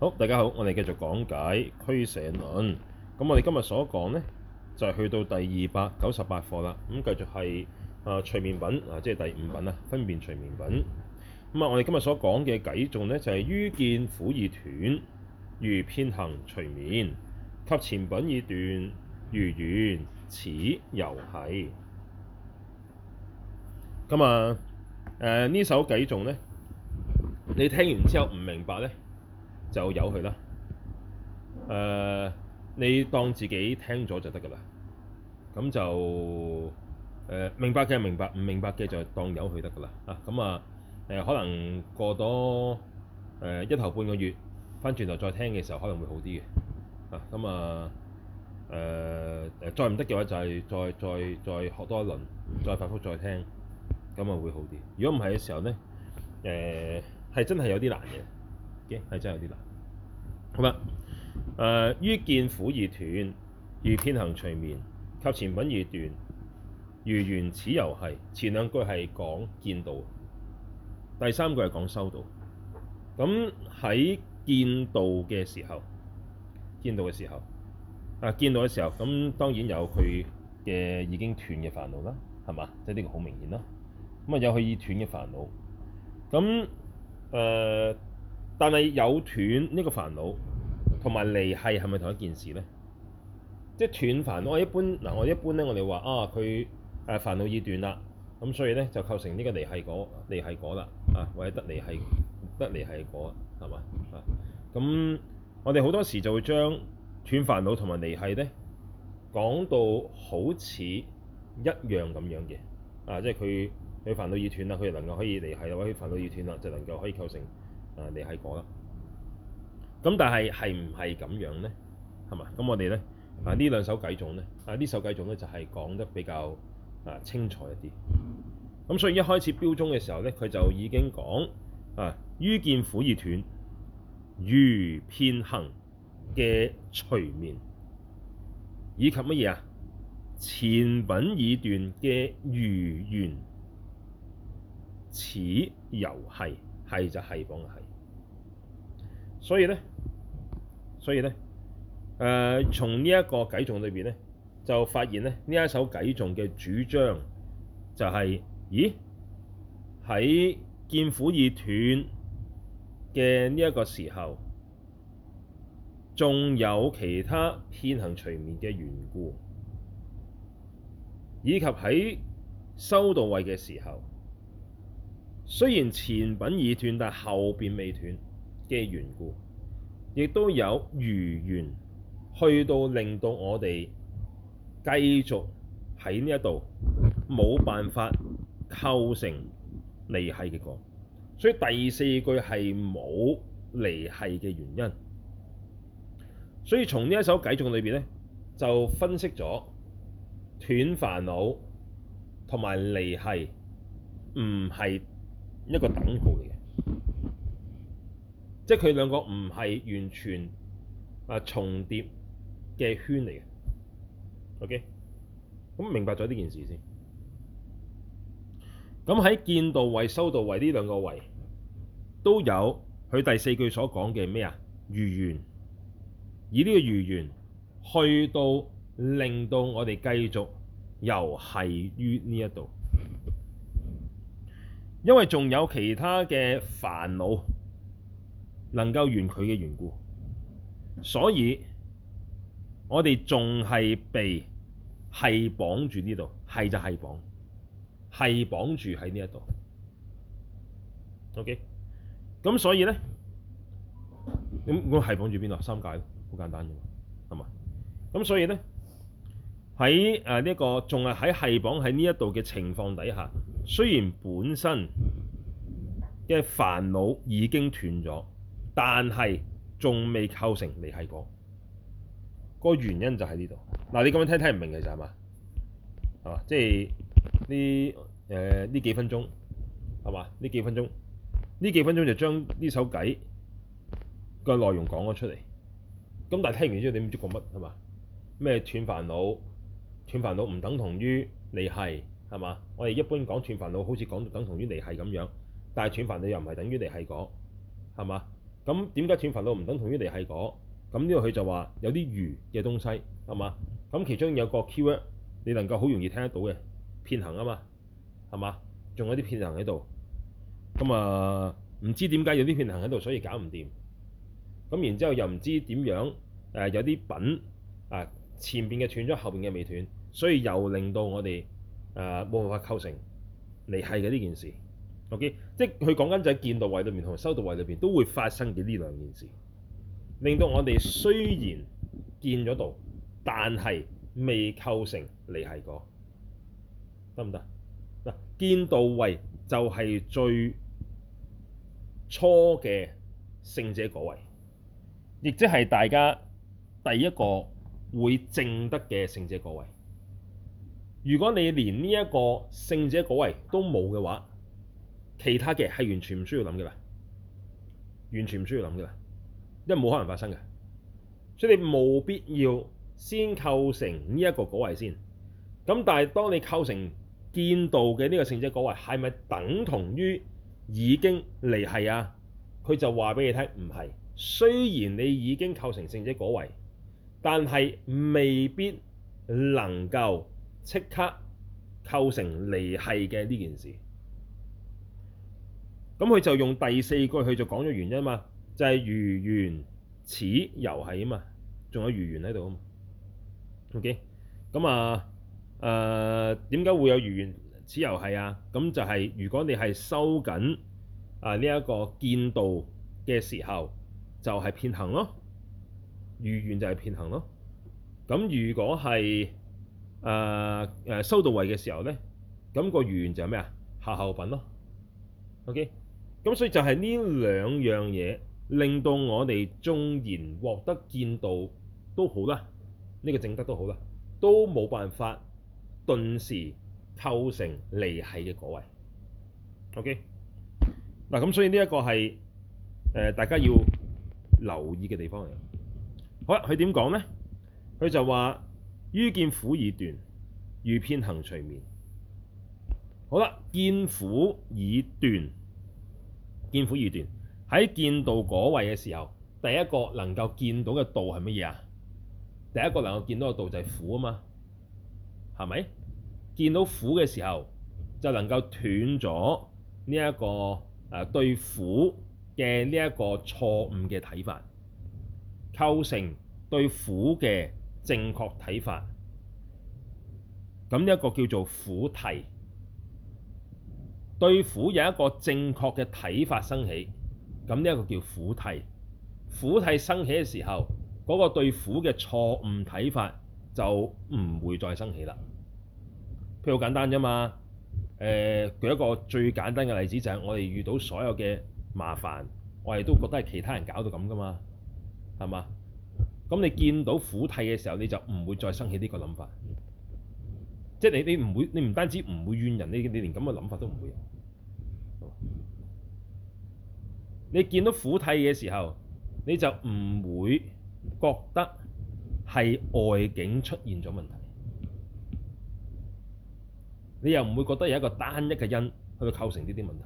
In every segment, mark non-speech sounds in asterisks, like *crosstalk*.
好，大家好，我哋繼續講解《俱舍論》。咁我哋今日所講呢，就係、是、去到第二百九十八課啦。咁、嗯、繼續係啊，隨、呃、眠品啊，即係第五品啊，分別隨眠品。咁啊，我哋今日所講嘅偈頌呢，就係、是、於見苦已斷，餘遍行隨眠及前品已斷，餘緣此猶繫。咁啊，誒、呃、呢首偈頌呢，你聽完之後唔明白呢。就由佢啦。誒、呃，你當自己聽咗就得㗎啦。咁就誒、呃，明白嘅明白，唔明白嘅就當由佢得㗎啦。啊，咁啊誒、啊，可能過多誒、啊、一頭半個月，翻轉頭再聽嘅時候可能會好啲嘅。啊，咁啊誒誒、啊，再唔得嘅話就係、是、再再再學多一輪，再反覆再聽，咁啊會好啲。如果唔係嘅時候咧，誒、啊、係真係有啲難嘅。係真有啲難。好啦，誒、呃、於見苦而斷，如遍行隨眠；及前品而斷，如緣此猶繫。前兩句係講見道，第三句係講修道。咁喺見道嘅時候，見道嘅時候，啊見道嘅時候，咁當然有佢嘅已經斷嘅煩惱啦，係嘛？即係呢個好明顯咯。咁啊，有佢已斷嘅煩惱，咁誒。這個但係有斷呢個煩惱，同埋離繫係咪同一件事呢？即係斷煩惱，我一般嗱，我一般咧，我哋話啊，佢誒煩惱已斷啦，咁所以呢，就構成呢個離繫果、離繫果啦。啊，或者得離繫、得離繫果係嘛？啊，咁我哋好多時就會將斷煩惱同埋離繫呢講到好似一樣咁樣嘅。啊，即係佢佢煩惱已斷啦，佢就能夠可以離繫，或者煩惱已斷啦，就能夠可以構成。啊，你係講啦，咁但係係唔係咁樣呢？係嘛？咁我哋呢，啊呢兩首偈頌呢，啊呢首偈頌呢就係講得比較啊清楚一啲。咁所以一開始標鐘嘅時候呢，佢就已經講啊於見苦已斷餘遍行嘅隨眠，以及乜嘢啊前品已斷嘅餘緣，此猶繫。係就係講係，所以咧，所以咧，誒、呃，從呢一個偈頌裏邊咧，就發現咧，呢一首偈頌嘅主張就係、是，咦，喺見苦已斷嘅呢一個時候，仲有其他遍行隨眠嘅緣故，以及喺修道位嘅時候。雖然前品已斷，但係後邊未斷嘅緣故，亦都有餘緣去到令到我哋繼續喺呢一度冇辦法構成離繫嘅果，所以第四句係冇離繫嘅原因。所以從呢一首偈頌裏邊呢，就分析咗斷煩惱同埋離繫唔係一個等號嚟嘅，即係佢兩個唔係完全啊重疊嘅圈嚟嘅。OK，咁明白咗呢件事先。咁喺見道位、修道位呢兩個位都有佢第四句所講嘅咩啊餘緣，以呢個餘緣去到令到我哋繼續猶繫於呢一度。因為仲有其他嘅煩惱能夠緣佢嘅緣故，所以我哋仲係被係綁住呢度，係就係綁，係綁住喺呢一度。OK，咁所以咧，咁我係綁住邊度？三界好簡單嘅嘛，係嘛？咁所以咧，喺誒呢個仲係喺係綁喺呢一度嘅情況底下。雖然本身嘅煩惱已經斷咗，但係仲未構成離繫果。個原因就喺呢度。嗱，你咁樣聽聽唔明嘅就係嘛？係嘛？即係呢誒呢幾分鐘係嘛？呢幾分鐘呢幾分鐘就將呢首偈嘅內容講咗出嚟。咁但係聽完之後你唔知講乜係嘛？咩斷煩惱？斷煩惱唔等同於離繫。係嘛？我哋一般講斷煩惱，好似講等同於離繫咁樣，但係斷煩惱又唔係等於離繫講，係嘛？咁點解斷煩惱唔等同於離繫講？咁呢度佢就話有啲餘嘅東西，係嘛？咁其中有一個 keyword 你能夠好容易聽得到嘅遍行啊嘛，係嘛？仲有啲遍行喺度，咁啊唔知點解有啲遍行喺度，所以搞唔掂。咁然之後又唔知點樣誒、呃、有啲品啊、呃、前邊嘅斷咗，後邊嘅未斷，所以又令到我哋。誒冇、啊、辦法構成離繫嘅呢件事，OK？即係佢講緊就係見道位裏面同修道位裏邊都會發生嘅呢兩件事，令到我哋雖然見咗道，但係未構成離繫果，得唔得？嗱，見道位就係最初嘅聖者個位，亦即係大家第一個會正得嘅聖者個位。如果你連呢一個聖者果位都冇嘅話，其他嘅係完全唔需要諗嘅啦，完全唔需要諗嘅啦，因為冇可能發生嘅，所以你冇必要先構成呢一個果位先。咁但係當你構成見道嘅呢個聖者果位，係咪等同於已經離繫啊？佢就話俾你聽，唔係。雖然你已經構成聖者果位，但係未必能夠即刻構成離繫嘅呢件事，咁佢就用第四句，佢就講咗原因嘛，就係餘緣此猶繫係啊嘛，仲有餘緣喺度啊嘛，OK，咁啊誒點解會有餘緣此猶繫係啊？咁就係如果你係收緊啊呢一個見道嘅時候，就係遍行咯，餘緣就係遍行咯，咁如果係誒誒、呃呃、修道位嘅時候咧，咁、那個餘緣就係咩啊？下後品咯。OK，咁所以就係呢兩樣嘢令到我哋縱然獲得見道都好啦，呢、這個正德都好啦，都冇辦法頓時構成離繫嘅果位。OK，嗱咁所以呢一個係誒、呃、大家要留意嘅地方嚟。好，佢點講咧？佢就話。於見苦已斷，餘遍行隨眠。好啦，見苦已斷，見苦已斷。喺見道嗰位嘅時候，第一個能夠見到嘅道係乜嘢啊？第一個能夠見到嘅道就係苦啊嘛，係咪？見到苦嘅時候，就能夠斷咗呢一個誒、啊、對苦嘅呢一個錯誤嘅睇法，構成對苦嘅正確睇法，咁呢一個叫做苦諦，對苦有一個正確嘅睇法生起，咁呢一個叫苦諦。苦諦生起嘅時候，嗰、那個對苦嘅錯誤睇法就唔會再生起啦。譬如好簡單啫嘛，誒、呃，舉一個最簡單嘅例子就係我哋遇到所有嘅麻煩，我哋都覺得係其他人搞到咁噶嘛，係嘛？咁你見到苦諦嘅時候，你就唔會再生起呢個諗法。即係你你唔會，你唔單止唔會怨人，你你連咁嘅諗法都唔會有。你見到苦諦嘅時候，你就唔會覺得係外境出現咗問題。你又唔會覺得有一個單一嘅因去構成呢啲問題。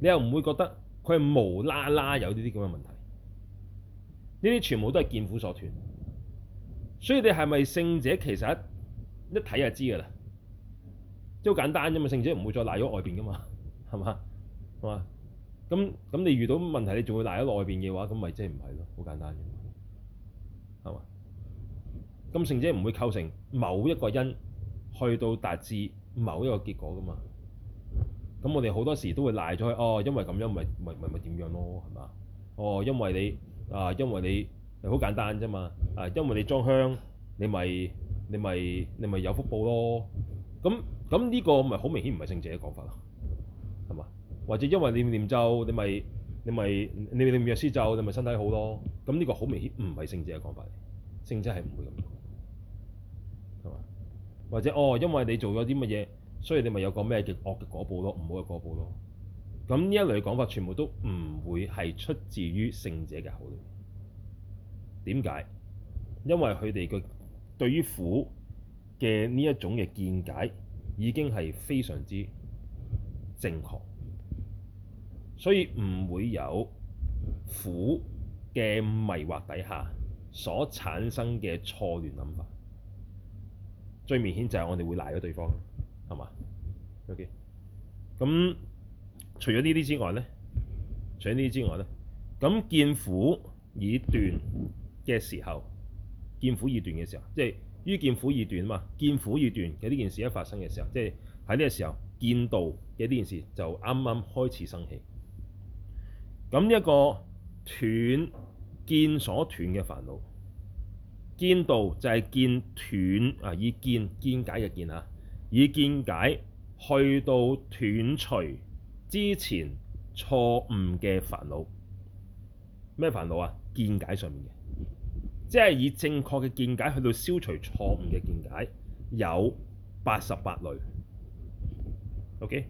你又唔會覺得佢係無啦啦有呢啲咁嘅問題。呢啲全部都係見苦所斷，所以你係咪聖者其實一睇就知㗎啦，即好簡單啫嘛。聖者唔會再賴咗外邊㗎嘛，係嘛，係嘛。咁咁你遇到問題你仲會賴咗外邊嘅話，咁咪即係唔係咯？好簡單啫嘛，係嘛。咁聖者唔會構成某一個因去到達至某一個結果㗎嘛。咁我哋好多時都會賴咗去，哦，因為咁樣，咪咪咪咪點樣咯，係嘛？哦，因為你。啊，因為你係好簡單啫嘛！啊，因為你裝香，你咪你咪你咪有福報咯。咁咁呢個咪好明顯唔係聖者嘅講法咯，係嘛？或者因為你念咒，你咪你咪你唸藥師咒，你咪身體好咯。咁呢個好明顯唔係聖者嘅講法嚟，聖者係唔會咁講，係嘛？或者哦，因為你做咗啲乜嘢，所以你咪有個咩極惡嘅果報咯，唔好有果報咯。咁呢一類嘅講法，全部都唔會係出自於聖者嘅口裏。點解？因為佢哋嘅對於苦嘅呢一種嘅見解，已經係非常之正確，所以唔會有苦嘅迷惑底下所產生嘅錯亂諗法。最明顯就係我哋會賴咗對方，係嘛？OK，咁。除咗呢啲之外咧，除咗呢啲之外咧，咁見苦已斷嘅時候，見苦已斷嘅時候，即係於見苦已斷啊嘛。見苦已斷嘅呢件事一發生嘅時候，即係喺呢個時候見道嘅呢件事就啱啱開始生起。咁一個斷見所斷嘅煩惱，見道就係見斷啊，以見見解嘅見啊，以見解去到斷除之前錯誤嘅煩惱咩煩惱啊？見解上面嘅，即係以正確嘅見解去到消除錯誤嘅見解，有八十八類。OK，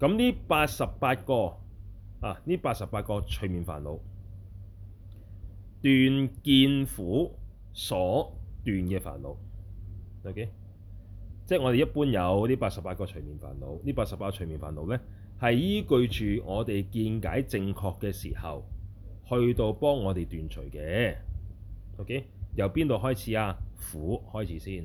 咁呢八十八個啊，呢八十八個隨眠煩惱斷見苦所斷嘅煩惱。OK，即係我哋一般有呢八十八個隨眠煩惱，呢八十八個隨眠煩惱咧。係依據住我哋見解正確嘅時候，去到幫我哋斷除嘅。OK，由邊度開始啊？苦開始先。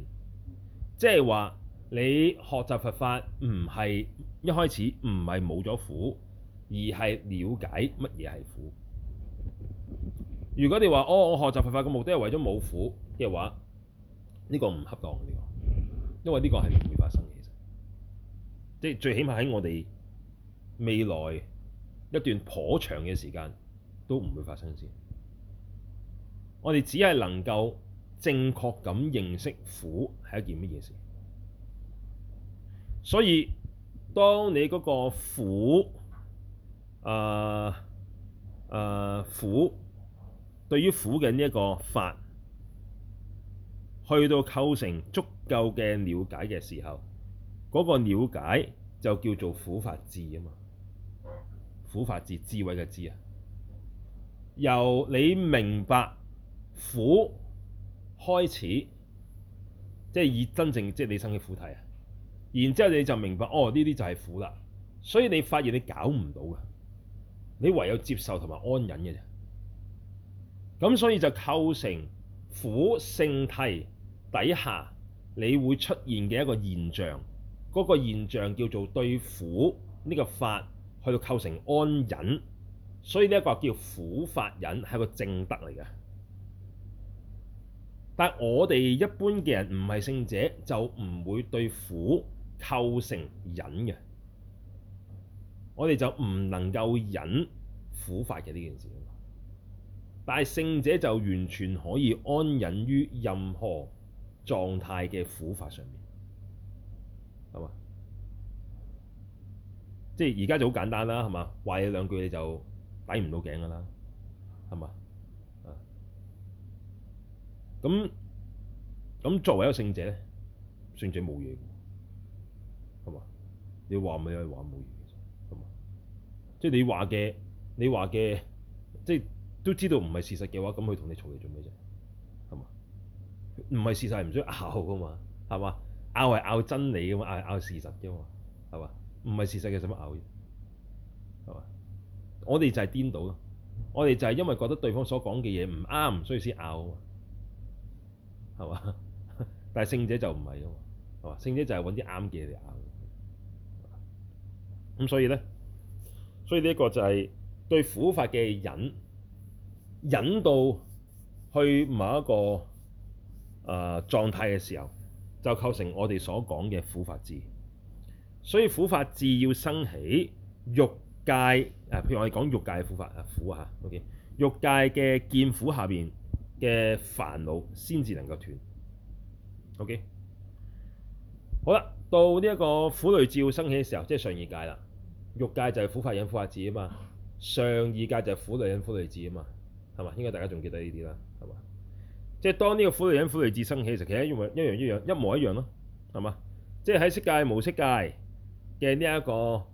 即係話你學習佛法唔係一開始唔係冇咗苦，而係了解乜嘢係苦。如果你話哦，我學習佛法嘅目的係為咗冇苦嘅話，呢個唔恰當呢個，因為呢個係唔會發生嘅，其實。即係最起碼喺我哋。未來一段頗長嘅時間都唔會發生事。我哋只係能夠正確咁認識苦係一件乜嘢事，所以當你嗰個苦，誒、呃、誒、呃、苦對於苦嘅呢一個法去到構成足夠嘅了解嘅時候，嗰個瞭解就叫做苦法智啊嘛。苦法智智慧嘅智，啊，由你明白苦開始，即係以真正即係你生嘅苦體啊，然之後你就明白哦呢啲就係苦啦，所以你發現你搞唔到嘅，你唯有接受同埋安忍嘅啫，咁所以就構成苦性體底下你會出現嘅一個現象，嗰個現象叫做對苦呢個法。去到構成安忍，所以呢一個叫苦法忍係一個正德嚟嘅。但係我哋一般嘅人唔係聖者，就唔會對苦構成忍嘅。我哋就唔能夠忍苦法嘅呢件事。但係聖者就完全可以安忍於任何狀態嘅苦法上面，係嘛？即係而家就好簡單啦，係嘛？話你兩句你就抵唔到頸噶啦，係嘛？啊，咁咁作為一個聖者咧，聖者冇嘢嘅，係嘛？你話咪又話冇嘢，嘅，其實係嘛？即係你話嘅，你話嘅，即係都知道唔係事實嘅話，咁佢同你嘈嚟做咩啫？係嘛？唔係事實係唔需要拗噶嘛，係嘛？拗係拗真理噶嘛，拗係拗事實啫嘛，係嘛？拗唔係事實，嘅，實乜拗嘢，係嘛？我哋就係顛倒咯，我哋就係因為覺得對方所講嘅嘢唔啱，所以先拗啊嘛，係嘛？ *laughs* 但係聖者就唔係啊嘛，係嘛？聖者就係揾啲啱嘅嘢嚟拗。咁所以咧，所以呢一個就係對苦法嘅忍，忍到去某一個誒、呃、狀態嘅時候，就構成我哋所講嘅苦法智。所以苦法智要生起欲界，誒、啊，譬如我哋講欲界嘅苦法，苦啊嚇。O.K. 欲界嘅見苦下邊嘅煩惱先至能夠斷。O.K. 好啦，到呢一個苦類智要生起嘅時候，即係上二界啦。欲界就係苦法人苦法智啊嘛，上二界就係苦類人苦類智啊嘛，係嘛？應該大家仲記得呢啲啦，係嘛？即係當呢個苦類人苦類智生起嘅時候，其實一樣一樣一模一樣咯，係嘛？即係喺色界無色界。嘅呢一個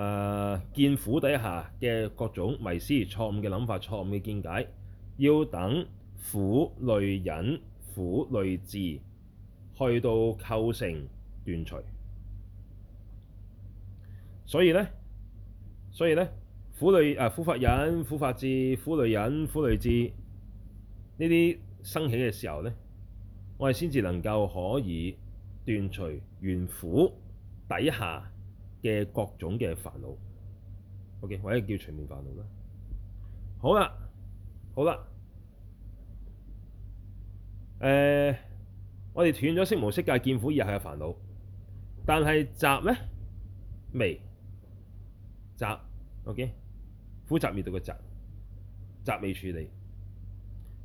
誒見苦底下嘅各種迷思、錯誤嘅諗法、錯誤嘅見解，要等苦類忍、苦類智去到構成斷除。所以呢，所以咧苦類誒苦法忍、苦法智、苦類忍、苦類智呢啲升起嘅時候呢，我哋先至能夠可以斷除怨苦底下，嘅各種嘅煩惱，OK，或者叫全面煩惱啦。好啦，好啦，誒、呃，我哋斷咗色無色界但係見苦以後嘅煩惱。但係集咧，未集，OK，苦集滅道嘅集，集未處理，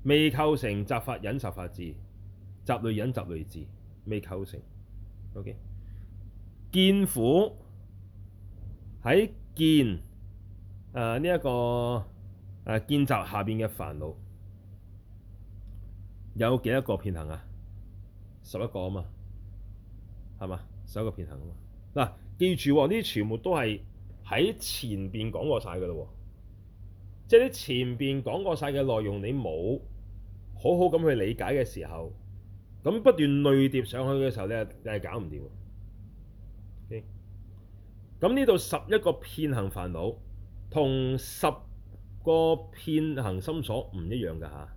未構成集法忍集法智，集類忍集類智，未構成，OK，見苦。喺見誒呢一個誒見集下邊嘅煩惱有幾多個遍行啊？十一個啊嘛，係嘛，十一個遍行啊嘛。嗱、啊，記住喎，呢、哦、啲全部都係喺前邊講過晒嘅咯。即係你前邊講過晒嘅內容，你冇好好咁去理解嘅時候，咁不斷累疊上去嘅時候，你係搞唔掂。咁呢度十一個遍行煩惱，同十個遍行心所唔一樣嘅吓。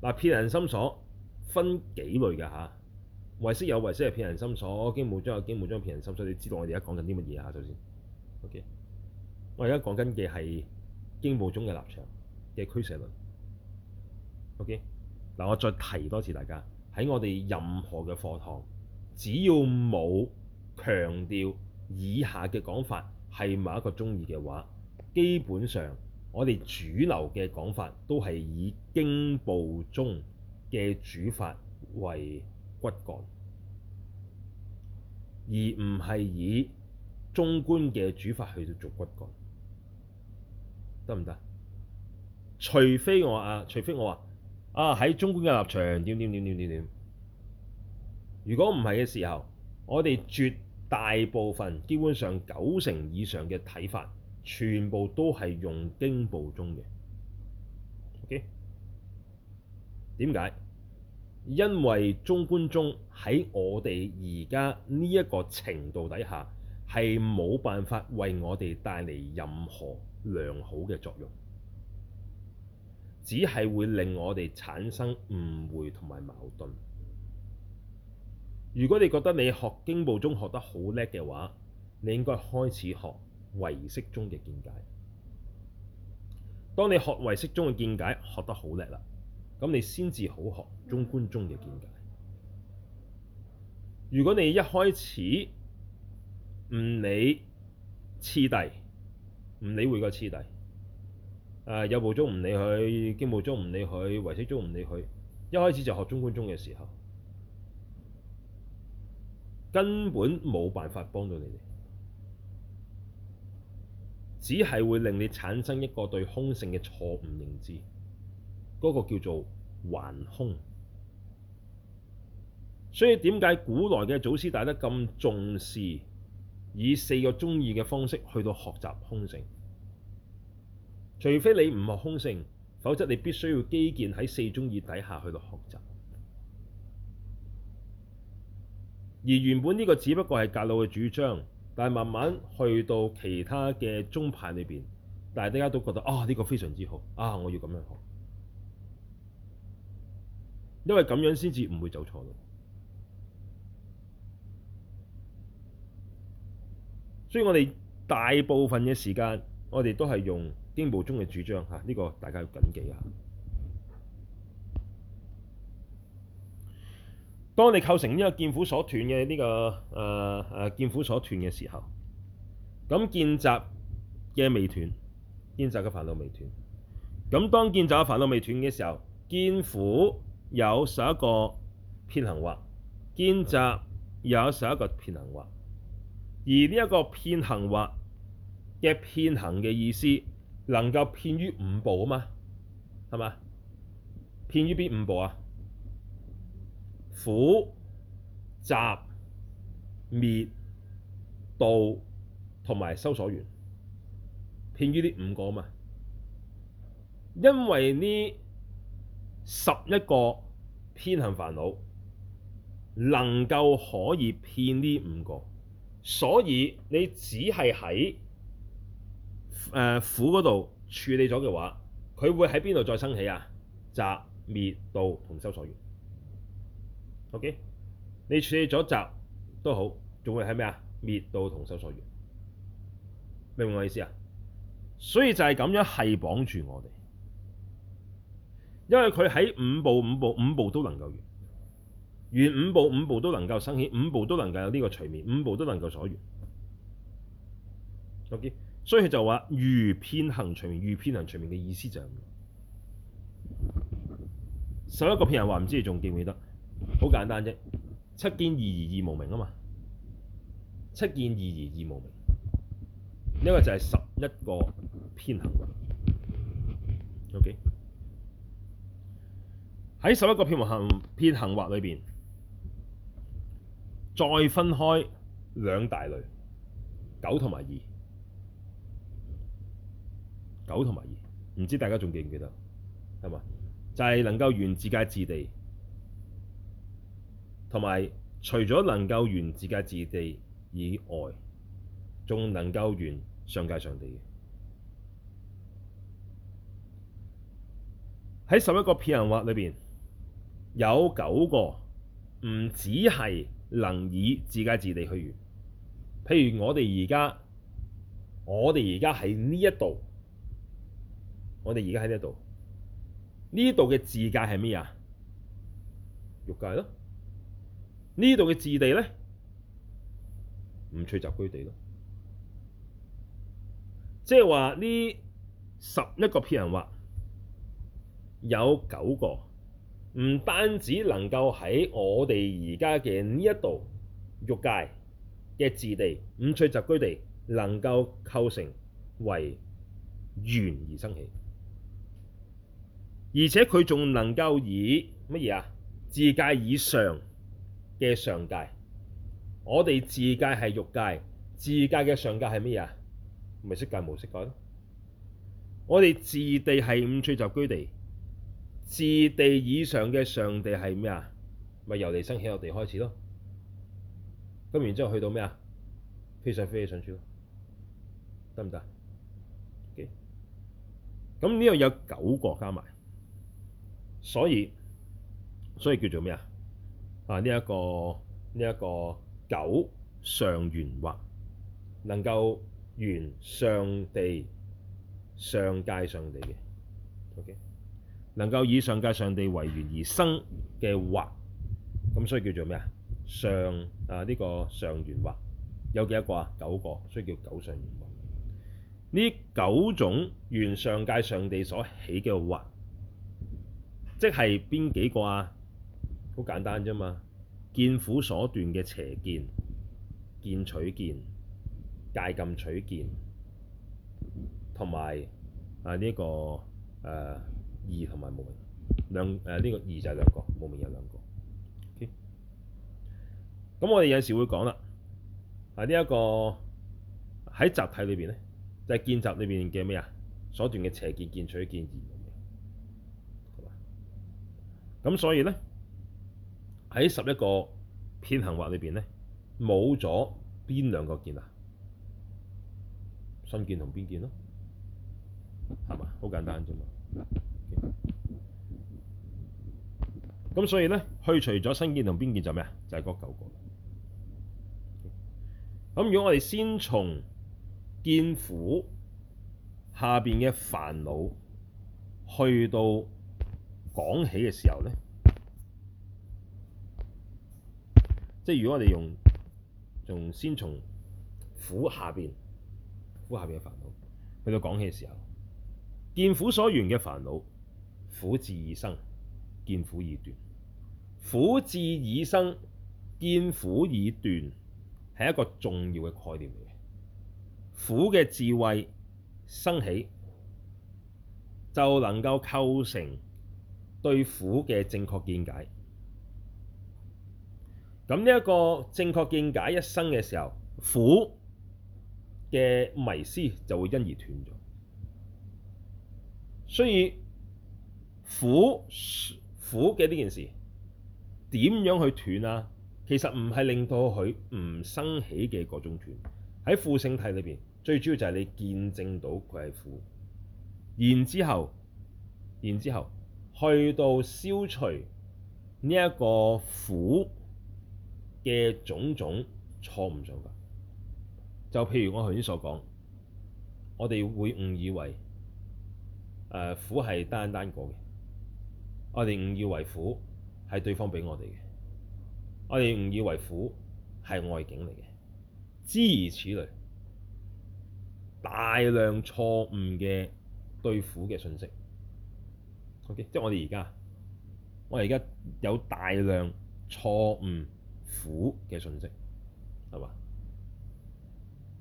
嗱，遍行心所分幾類嘅吓，唯識有唯識係遍行心所，經部宗有經部宗遍行心所。你知道我哋而家講緊啲乜嘢啊？首先，OK，我而家講緊嘅係經部宗嘅立場嘅俱舍論。OK，嗱，我再提多次大家，喺我哋任何嘅課堂，只要冇強調。以下嘅講法係某一個中意嘅話，基本上我哋主流嘅講法都係以經部中嘅主法為骨幹，而唔係以中觀嘅主法去做骨幹，得唔得？除非我啊，除非我話啊喺中觀嘅立場點點點點點點，如果唔係嘅時候，我哋絕。大部分基本上九成以上嘅睇法，全部都係用經部宗嘅。OK，點解？因為中觀宗喺我哋而家呢一個程度底下，係冇辦法為我哋帶嚟任何良好嘅作用，只係會令我哋產生誤會同埋矛盾。如果你覺得你學經部中學得好叻嘅話，你應該開始學唯識中嘅見解。當你學唯識中嘅見解學得好叻啦，咁你先至好學中觀中嘅見解。如果你一開始唔理「次第」，唔理會個「次第」，誒，有部中唔理佢，經部中唔理佢，唯識中唔理佢，一開始就學中觀中嘅時候。根本冇辦法幫到你哋，只係會令你產生一個對空性嘅錯誤認知，嗰、那個叫做頑空。所以點解古代嘅祖師大德咁重視，以四個中義嘅方式去到學習空性？除非你唔學空性，否則你必須要基建喺四中義底下去到學習。而原本呢個只不過係格魯嘅主張，但係慢慢去到其他嘅宗派裏邊，但大家都覺得啊呢、哦呢個非常之好啊，我要咁樣學，因為咁樣先至唔會走錯路。所以我哋大部分嘅時間，我哋都係用經部宗嘅主張嚇，呢、呢個大家要緊記一下。當你構成呢個見苦所斷嘅呢、這個誒誒見苦所斷嘅時候，咁見集嘅未斷，見集嘅煩惱未斷。咁當見集嘅煩惱未斷嘅時候，見苦有十一個遍行惑，見集有十一個遍行惑。而呢一個遍行惑嘅遍行嘅意思，能夠遍於五部啊嘛，係嘛？遍於邊五部啊？苦、集、滅、道同埋修所緣，遍於呢五個嘛？因為呢十一個遍行煩惱能夠可以遍呢五個，所以你只係喺誒苦嗰度處理咗嘅話，佢會喺邊度再生起啊？集、滅、道同修所緣。O.K. 你處理咗集都好，仲會係咩啊？滅、道同修所緣，明唔明我意思啊？所以就係咁樣係綁住我哋，因為佢喺五部五部五部都能夠緣，緣五部五部都能夠生起，五部都能夠有呢個隨眠，五部都能夠所緣。O.K. 所以佢就話餘遍行隨眠，餘遍行隨眠嘅意思就係：十一個遍行話唔知你仲記唔記得？好簡單啫，七見二疑二無明啊嘛，七見二疑二無明，呢、這個就係十一個遍行。O.K.，喺十一個遍行遍行惑裏邊，再分開兩大類，九同埋二，九同埋二，唔知大家仲記唔記得？係嘛，就係、是、能夠緣自界自地。同埋，除咗能夠緣自界自地以外，仲能夠緣上界上地嘅。喺十一個遍行惑裏邊，有九個唔只係能以自界自地去緣。譬如我哋而家，我哋而家喺呢一度，我哋而家喺呢一度，呢度嘅自界係咩啊？欲界咯。置呢度嘅自地咧，五趣雜居地咯，即係話呢十一個遍行惑，有九個唔單止能夠喺我哋而家嘅呢一度欲界嘅自地五趣雜居地，能夠構成為緣而生起，而且佢仲能夠以乜嘢啊，自界以上？嘅上界，我哋自界係欲界，自界嘅上界係咩啊？咪色，色界、無色界咯。我哋自地係五趣雜居地，自地以上嘅上地係咩啊？咪、就是、由離生喜樂地開始咯。咁然之後去到咩啊？非想非非想處咯，得唔得？咁呢度有九個加埋，所以所以叫做咩啊？啊！呢、這、一個呢一、這個九上緣惑，能夠緣上地上界上地嘅，OK，能夠以上界上地為緣而生嘅惑，咁所以叫做咩啊？上啊！呢個上緣惑有幾多個啊？九個，所以叫九上緣惑。呢九種緣上界上地所起嘅惑，即係邊幾個啊？好簡單啫嘛！見苦所斷嘅邪見、見取見、戒禁取見，同埋啊，呢個誒，疑同埋無明兩。兩誒，呢個疑就係兩個無明，有兩個。咁、okay? 我哋有時會講啦，喺呢一個喺集諦裏邊咧，就係、是、見集裏邊嘅咩啊？所斷嘅邪見、見取見、疑同無明，係嘛？咁所以咧。喺十一個遍行惑裏邊咧，冇咗邊兩個見啊？身見同邊見咯，係嘛？好簡單啫嘛。咁、okay. 所以咧，去除咗身見同邊見就咩啊？就係、是、嗰九個。咁、okay. 如果我哋先從見苦下邊嘅煩惱去到講起嘅時候咧？即係如果我哋用，仲先從苦下邊，苦下邊嘅煩惱去到講起嘅時候，見苦所緣嘅煩惱，苦智已生，見苦已斷，苦智已生，見苦已斷，係一個重要嘅概念嚟嘅。苦嘅智慧生起，就能夠構成對苦嘅正確見解。咁呢一個正確見解一生嘅時候，苦嘅迷思就會因而斷咗。所以苦苦嘅呢件事，點樣去斷啊？其實唔係令到佢唔生起嘅嗰種斷喺負性體裏邊，最主要就係你見證到佢係苦，然之後然之後去到消除呢一個苦。嘅種種錯誤做法，就譬如我頭先所講，我哋會誤以為誒苦係單單個嘅，我哋誤以為苦係對方俾我哋嘅，我哋誤以為苦係外境嚟嘅，諸如此類，大量錯誤嘅對苦嘅信息。OK，即係我哋而家，我哋而家有大量錯誤苦嘅信息，係嘛？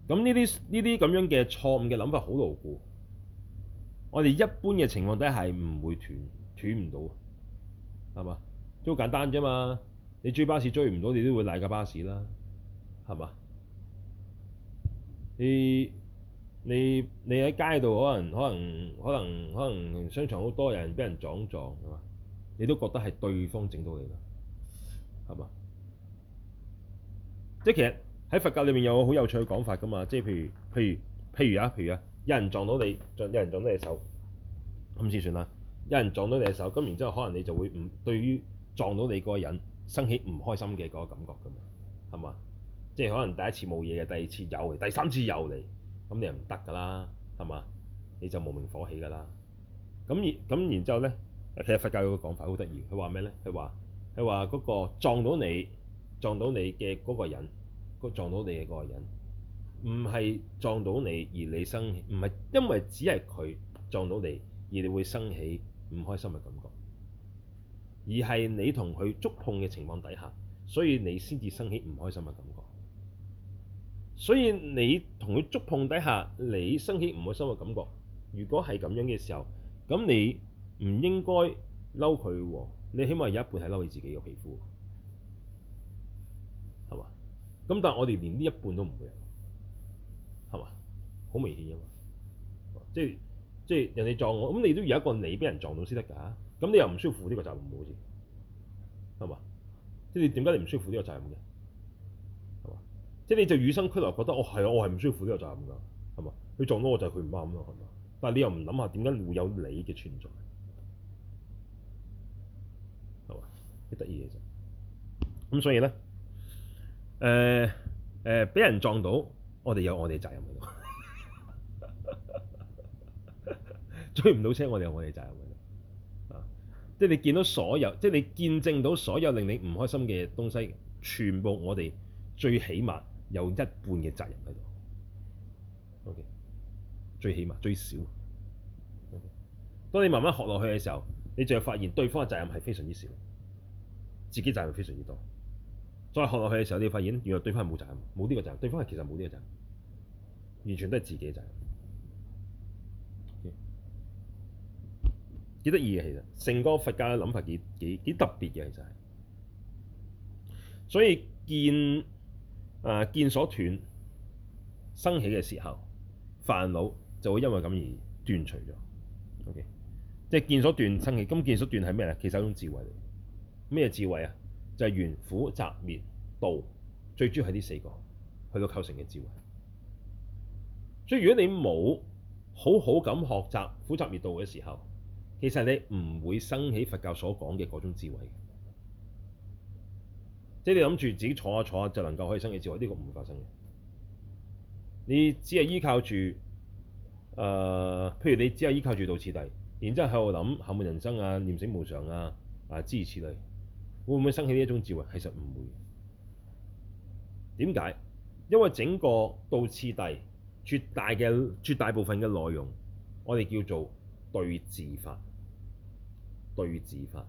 咁呢啲呢啲咁樣嘅錯誤嘅諗法好牢固。我哋一般嘅情況底下係唔會斷，斷唔到，係嘛？都好簡單啫嘛。你追巴士追唔到，你都會賴架巴士啦，係嘛？你你你喺街度可能可能可能可能商場好多人俾人撞撞，係嘛？你都覺得係對方整到你啦，係嘛？即係其實喺佛教裏面有個好有趣嘅講法㗎嘛，即係譬如譬如譬如啊譬如啊，有人撞到你，撞有人撞到你手，咁先算啦。有人撞到你隻手，咁然之後可能你就會唔對於撞到你嗰個人生起唔開心嘅嗰個感覺㗎嘛，係嘛？即係可能第一次冇嘢嘅，第二次有嚟，第三次又嚟，咁你又唔得㗎啦，係嘛？你就無名火起㗎啦。咁然咁然之後咧，其實佛教有個講法好得意，佢話咩咧？佢話佢話嗰個撞到你撞到你嘅嗰個人。個撞到你嘅個人，唔係撞到你而你生起，唔係因為只係佢撞到你而你會生起唔開心嘅感覺，而係你同佢觸碰嘅情況底下，所以你先至生起唔開心嘅感覺。所以你同佢觸碰底下，你生起唔開心嘅感覺，如果係咁樣嘅時候，咁你唔應該嬲佢喎，你起碼有一半係嬲你自己嘅皮膚。咁但係我哋連呢一半都唔會有，係嘛？好明顯啊嘛！即係即係人哋撞我，咁你都要有一個你俾人撞到先得㗎。咁你又唔需要負呢個責任好似，係嘛？即係你點解你唔需要負呢個責任嘅？係嘛？即係你就與生俱來覺得，哦啊、我係我係唔需要負呢個責任㗎，係嘛？佢撞到我就係佢唔啱啦，係嘛？但係你又唔諗下點解會有你嘅存在？係嘛？幾得意嘅啫！咁所以咧。誒誒，俾、呃呃、人撞到，我哋有我哋責任喺度。 *laughs* 追唔到車，我哋有我哋責任喺度。啊，即係你見到所有，即係你見證到所有令你唔開心嘅東西，全部我哋最起碼有一半嘅責任喺度。O.K. 最起碼最少。O.K.，當你慢慢學落去嘅時候，你就會發現對方嘅責任係非常之少，自己責任非常之多。所以學落去嘅時候，你要發現原來對方係冇責任，冇呢個責任。對方係其實冇呢個責任，完全都係自己嘅責任。幾得意嘅，其實成個佛教嘅諗法幾幾幾特別嘅，其實係。所以見啊、呃、見所斷生起嘅時候，煩惱就會因為咁而斷除咗。O.K.，即係見所斷生起，咁見所斷係咩咧？其實係一種智慧嚟，咩智慧啊？就係緣苦集滅道，最主要係呢四個去到構成嘅智慧。所以如果你冇好好咁學習苦集滅道嘅時候，其實你唔會生起佛教所講嘅嗰種智慧。即係你諗住自己坐下坐下就能夠可以生起智慧，呢個唔會發生嘅。你只係依靠住誒、呃，譬如你只係依靠住道次第，然之後喺度諗後半人生啊、念死無常啊、啊諸如此類。會唔會生起呢一種智慧？其實唔會。點解？因為整個道次第絕大嘅絕大部分嘅內容，我哋叫做對治法。對治法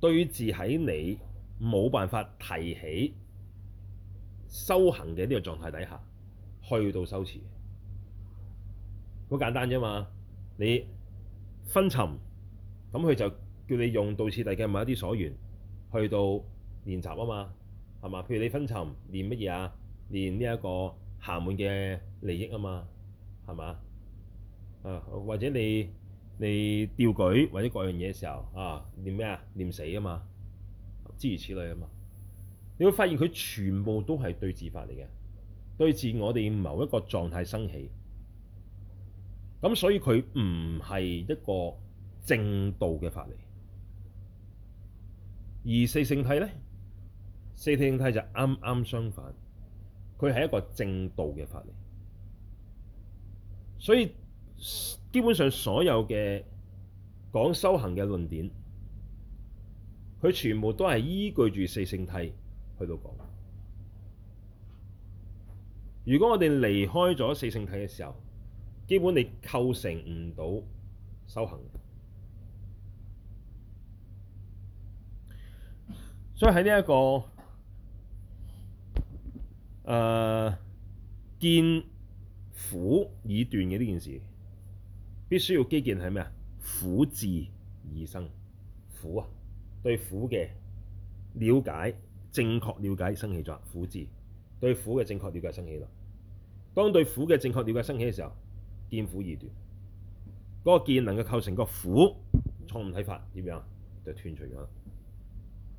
對治喺你冇辦法提起修行嘅呢個狀態底下，去到修持好簡單啫嘛。你分尋咁，佢就叫你用道次第嘅某一啲所緣。去到練習啊嘛，係嘛？譬如你昏沉練乜嘢啊？練呢一個暇滿嘅利益啊嘛，係嘛？啊或者你你掉舉或者各樣嘢嘅時候啊，練咩啊？練死啊嘛，諸如此類啊嘛。你會發現佢全部都係對治法嚟嘅，對治我哋某一個狀態生起。咁所以佢唔係一個正道嘅法嚟。而四聖諦呢，四聖諦就啱啱相反，佢係一個正道嘅法理，所以基本上所有嘅講修行嘅論點，佢全部都係依據住四聖諦去到講。如果我哋離開咗四聖諦嘅時候，基本你構成唔到修行。所以喺呢一個誒見苦已斷嘅呢件事，必須要基建係咩啊？苦智而生，苦啊！對苦嘅了解，正確了解生起咗。苦智對苦嘅正確了解生起咗。當對苦嘅正確了解生起嘅時候，見苦而斷，嗰、那個見能夠構成個苦錯誤睇法點樣就斷除咗。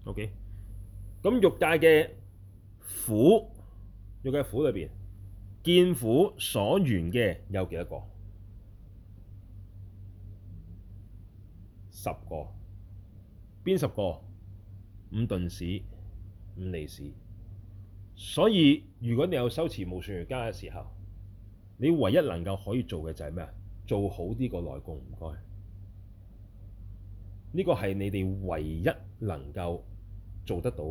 OK。咁欲界嘅苦，欲嘅苦裏邊見苦所緣嘅有幾多個？十個。邊十個？五鈍使、五利使。所以如果你有修持無上瑜伽嘅時候，你唯一能夠可以做嘅就係咩啊？做好呢個內功。唔該，呢個係你哋唯一能夠做得到。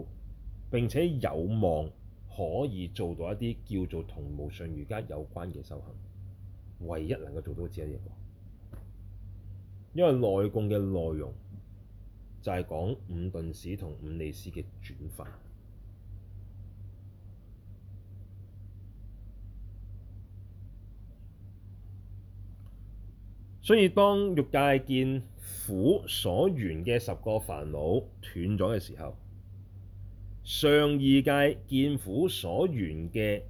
並且有望可以做到一啲叫做同無上瑜伽有關嘅修行，唯一能夠做到嘅只係一個，因為內供嘅內容就係講五頓使同五利使嘅轉化，所以當欲界見苦所緣嘅十個煩惱斷咗嘅時候。上二界見苦所緣嘅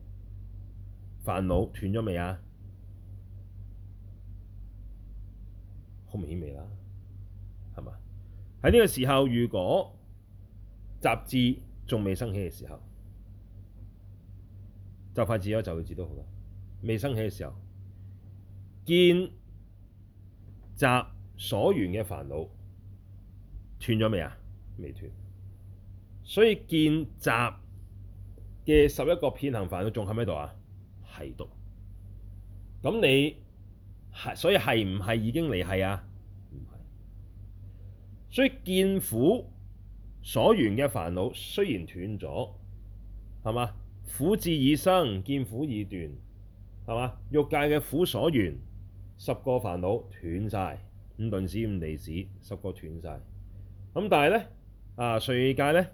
煩惱斷咗未啊？好明顯未啦，係嘛？喺呢個時候，如果集智仲未生起嘅時候，就快字咗就字都好啦。未生起嘅時候，見集所緣嘅煩惱斷咗未啊？未斷。所以見集嘅十一個遍行煩惱仲喺咪度啊？係度咁你係所以係唔係已經離係啊？唔係。所以見苦所緣嘅煩惱雖然斷咗係嘛？苦智已生，見苦已斷係嘛？欲界嘅苦所緣十個煩惱斷晒，五頓使五利使，十個斷晒。咁但係咧啊，瑞界咧。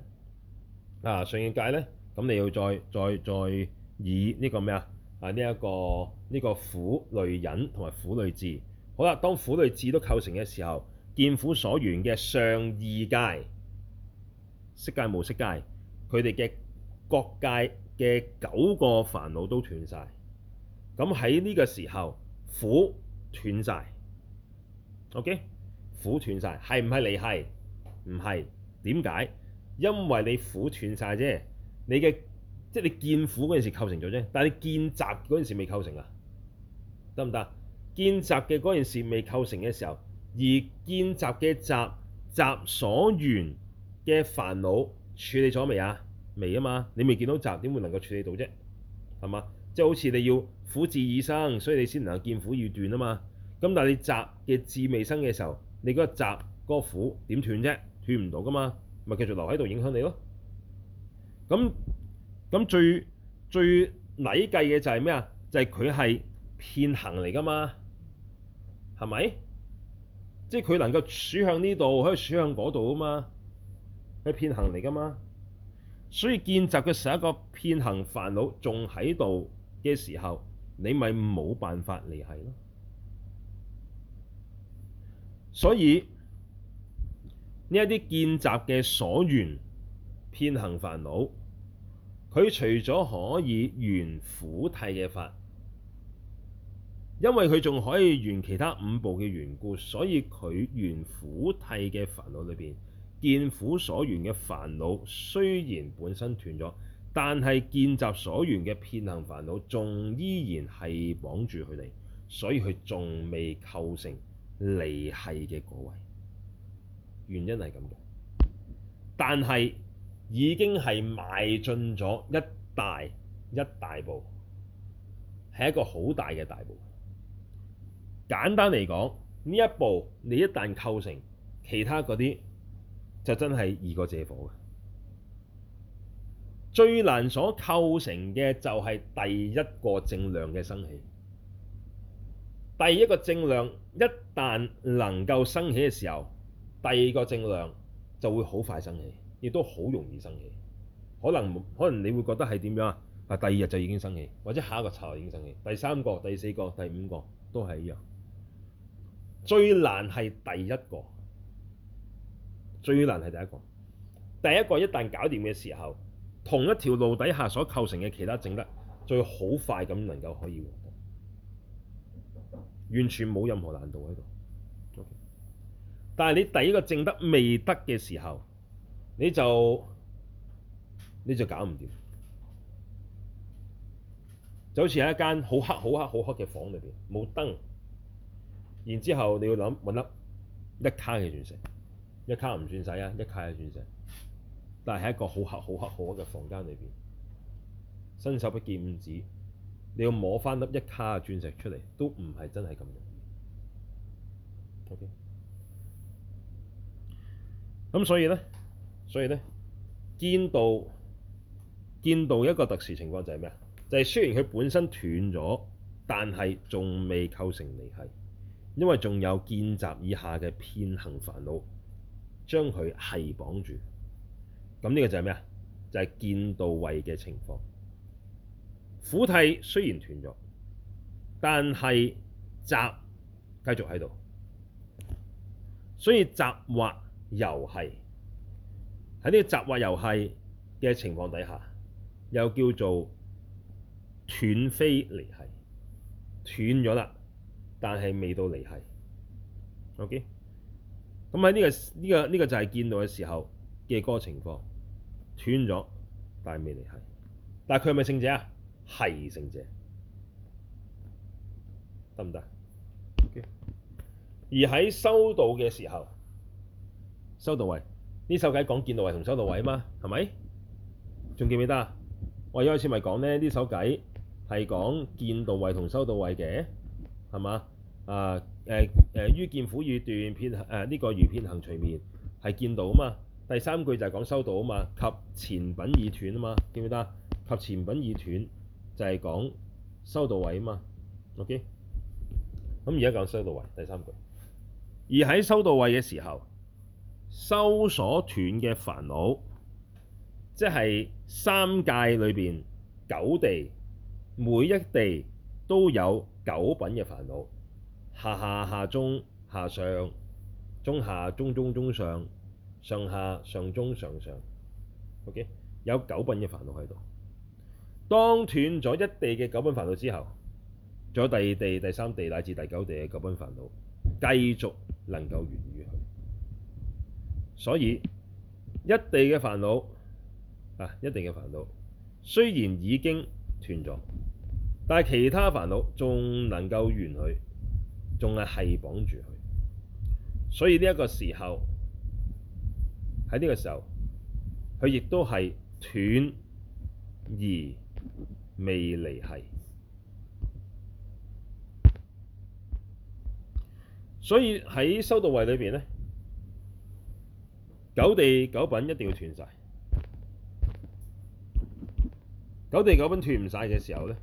啊上一界咧，咁你要再再再以呢個咩啊？啊呢一個呢、呢個苦類忍同埋苦類智。好啦，當苦類智都構成嘅時候，見苦所緣嘅上二界色界無色界，佢哋嘅各界嘅九個煩惱都斷晒。咁喺呢個時候，苦斷晒。OK，苦斷晒，係唔係離繫？繫？唔係，點解？因為你苦斷晒啫，你嘅即係你見苦嗰陣時構成咗啫。但係你見集嗰陣時未構成啊，得唔得？見集嘅嗰陣時未構成嘅時候，而見集嘅集集所緣嘅煩惱處理咗未啊？未啊嘛，你未見到集，點會能夠處理到啫？係嘛？即係好似你要苦智已生，所以你先能夠見苦已斷啊嘛。咁但係你集嘅智未生嘅時候，你嗰個集嗰個苦點斷啫？斷唔到噶嘛？咪繼續留喺度影響你咯。咁咁最最例計嘅就係咩啊？就係佢係遍行嚟噶嘛，係咪？即係佢能夠處向呢度，可以處向嗰度啊嘛，係遍行嚟噶嘛。所以見集佢是一個遍行煩惱，仲喺度嘅時候，你咪冇辦法離繫咯。所以。呢一啲見集嘅所緣遍行煩惱，佢除咗可以緣苦諦嘅法，因為佢仲可以緣其他五部嘅緣故，所以佢緣苦諦嘅煩惱裏邊，見苦所緣嘅煩惱雖然本身斷咗，但係見集所緣嘅遍行煩惱仲依然係綁住佢哋，所以佢仲未構成離繫嘅果位。原因係咁嘅，但係已經係邁進咗一大一大步，係一個好大嘅大步。簡單嚟講，呢一步你一旦構成其他嗰啲，就真係易過借火嘅。最難所構成嘅就係第一個正量嘅生起，第一個正量一旦能夠生起嘅時候。第二個正量就會好快生起，亦都好容易生起。可能可能你會覺得係點樣啊？啊，第二日就已經生起，或者下一個巢已經生起，第三個、第四個、第五個都係一樣。最難係第一個，最難係第一個。第一個一旦搞掂嘅時候，同一條路底下所構成嘅其他正得，最好快咁能夠可以獲得，完全冇任何難度喺度。但係你第一個正得未得嘅時候，你就你就搞唔掂，就好似喺一間好黑好黑好黑嘅房裏邊冇燈，然之後你要諗揾粒一卡嘅鑽石，一卡唔算細啊，一卡嘅鑽石，但係喺一個好黑好黑好黑嘅房間裏邊，伸手不見五指，你要摸翻粒一卡嘅鑽石出嚟，都唔係真係咁容易。OK。咁所以呢，所以呢，見道見道一個特殊情況就係咩啊？就係、是、雖然佢本身斷咗，但係仲未構成離繫，因為仲有見集以下嘅遍行煩惱將佢係綁住。咁呢個就係咩啊？就係、是、見道位嘅情況。苦諦雖然斷咗，但係集繼續喺度，所以集惑。又係喺呢啲集惑猶繫嘅情況底下，又叫做斷非離繫。斷咗啦，但係未到離繫。OK，咁喺呢個呢個呢個就係見道嘅時候嘅嗰個情況，斷咗但係未離繫。但係佢係咪聖者啊？係聖者，得唔得？行行 OK. 而喺修道嘅時候。修道位，呢首偈講見道位同修道位啊嘛，係咪？仲記唔記得啊？我一開始咪講咧，呢首偈係講見道位同修道位嘅，係嘛？啊、呃，誒、呃、誒、呃，於見苦已斷片，撇誒呢個餘遍行隨眠，係見道啊嘛。第三句就係講修道啊嘛，及前品已斷啊嘛，記唔記得啊？及前品已斷就係講修道位啊嘛。OK，咁而家講修道位，第三句。而喺修道位嘅時候。修所斷嘅煩惱，即係三界裏邊九地，每一地都有九品嘅煩惱，下下下中下上，中下中中中上，上下上中上上。OK，有九品嘅煩惱喺度。當斷咗一地嘅九品煩惱之後，仲有第二地、第三地乃至第九地嘅九品煩惱，繼續能夠緣佢。所以一地嘅煩惱啊，一地嘅煩惱，雖然已經斷咗，但係其他煩惱仲能夠緣佢，仲係繫綁住佢。所以呢一個時候，喺呢個時候，佢亦都係斷而未離繫。所以喺修道位裏邊咧。九地九品一定要斷晒，九地九品斷唔晒嘅時候咧，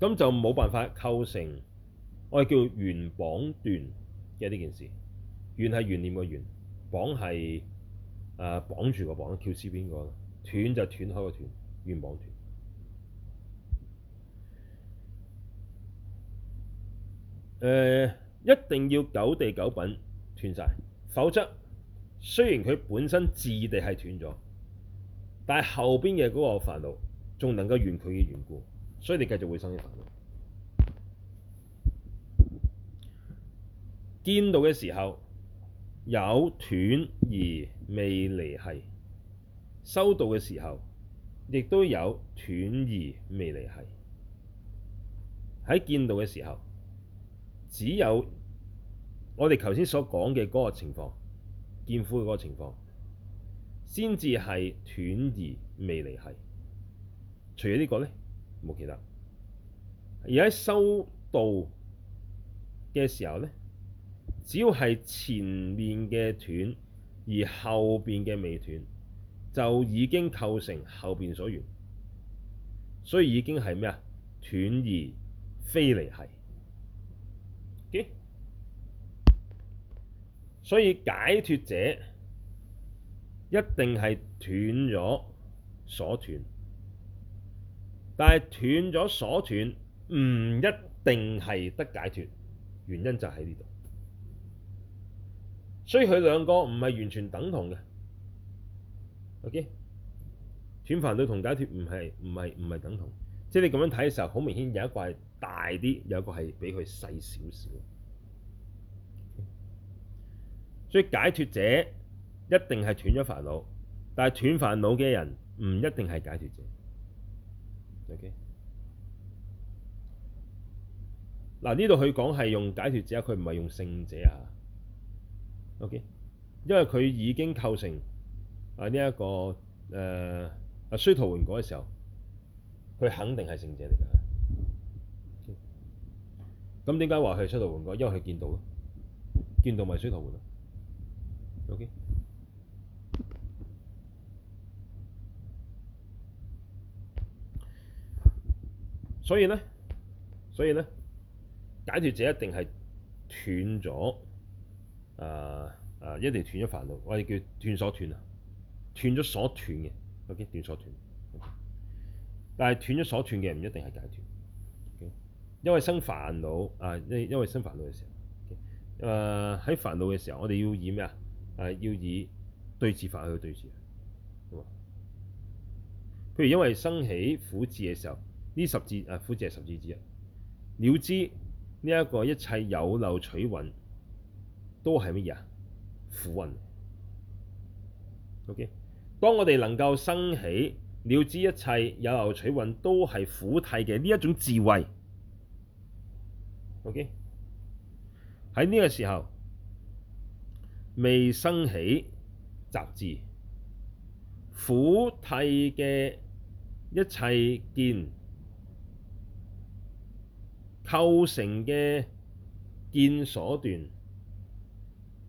咁就冇辦法構成，我哋叫緣縛斷嘅呢件事，緣係緣念個緣，綁係誒、呃、綁住個綁，Q C 邊個斷就斷開個斷，緣縛斷，誒、呃、一定要九地九品斷晒，否則。雖然佢本身自地係斷咗，但係後邊嘅嗰個煩惱仲能夠緣佢嘅緣故，所以你繼續會生起煩惱。見道嘅時候有斷而未離繫，修道嘅時候亦都有斷而未離繫。喺見道嘅時候，只有我哋頭先所講嘅嗰個情況。見苦嗰個情況，先至係斷而未離繫。除咗呢個呢，冇其他。而喺修道嘅時候呢，只要係前面嘅斷，而後邊嘅未斷，就已經構成後邊所緣，所以已經係咩啊？斷而非離繫。所以解脫者一定係斷咗所斷，但係斷咗所斷唔一定係得解脫，原因就喺呢度。所以佢兩個唔係完全等同嘅。OK，斷煩惱同解脫唔係唔係唔係等同，即係你咁樣睇嘅時候，好明顯有一個係大啲，有一個係比佢細少少。所以解脫者一定係斷咗煩惱，但係斷煩惱嘅人唔一定係解脫者。OK，嗱，呢度佢講係用解脫者，佢唔係用聖者啊。OK，因為佢已經構成啊呢一個誒啊，修道換果嘅時候，佢肯定係聖者嚟㗎。咁點解話係修道換果？因為佢見道咯，見道咪修道換咯。OK，所以咧，所以咧，so, so, 解脫者一定係斷咗，啊啊，一定斷咗煩惱，我、啊、哋叫斷所斷啊，斷咗所斷嘅，OK，斷所斷， *laughs* 但係斷咗所斷嘅唔一定係解脫，okay? 因為生煩惱啊，因、uh, 因為生煩惱嘅時候，誒喺煩惱嘅時候，我哋要以咩啊？誒要以對治法去對治，譬如因為生起苦智嘅時候，呢十智誒、啊、苦智係十智之一，了知呢一個一切有漏取蘊都係乜嘢啊？苦蘊。OK，當我哋能夠生起了知一切有漏取蘊都係苦諦嘅呢一種智慧。OK，喺呢個時候。未生起集智、苦諦嘅一切見構成嘅見所斷，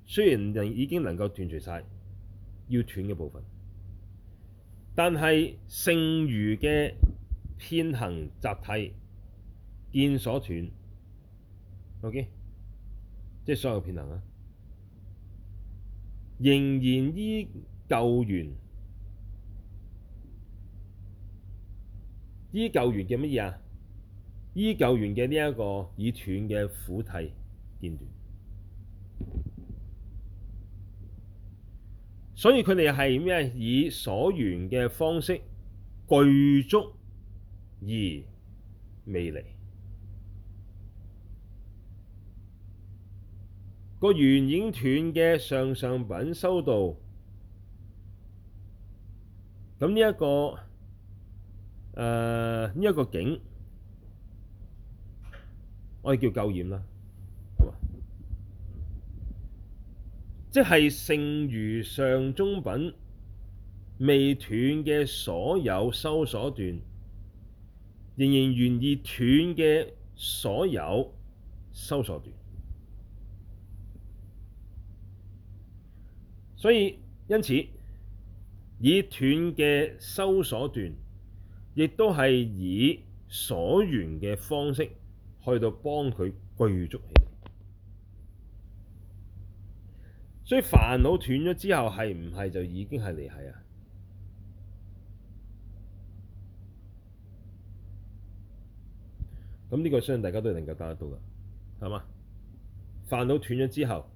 雖然人已經能夠斷除晒要斷嘅部分，但係剩餘嘅遍行集諦見所斷，OK，即係所有遍行啊。仍然依舊緣，依舊緣嘅乜嘢啊？依舊緣嘅呢一個已斷嘅苦諦見斷，所以佢哋係咩？以所緣嘅方式具足而未離。個緣已經斷嘅上上品修道，咁呢一個誒呢一個境，我哋叫垢染啦，即係剩餘上中品未斷嘅所有修所斷，仍然緣已斷嘅所有修所斷。所以因此，以斷嘅修所斷，亦都係以所緣嘅方式去到幫佢具足起。所以煩惱斷咗之後，係唔係就已經係離繫啊？咁呢個相信大家都能夠答得到噶，係嘛？煩惱斷咗之後。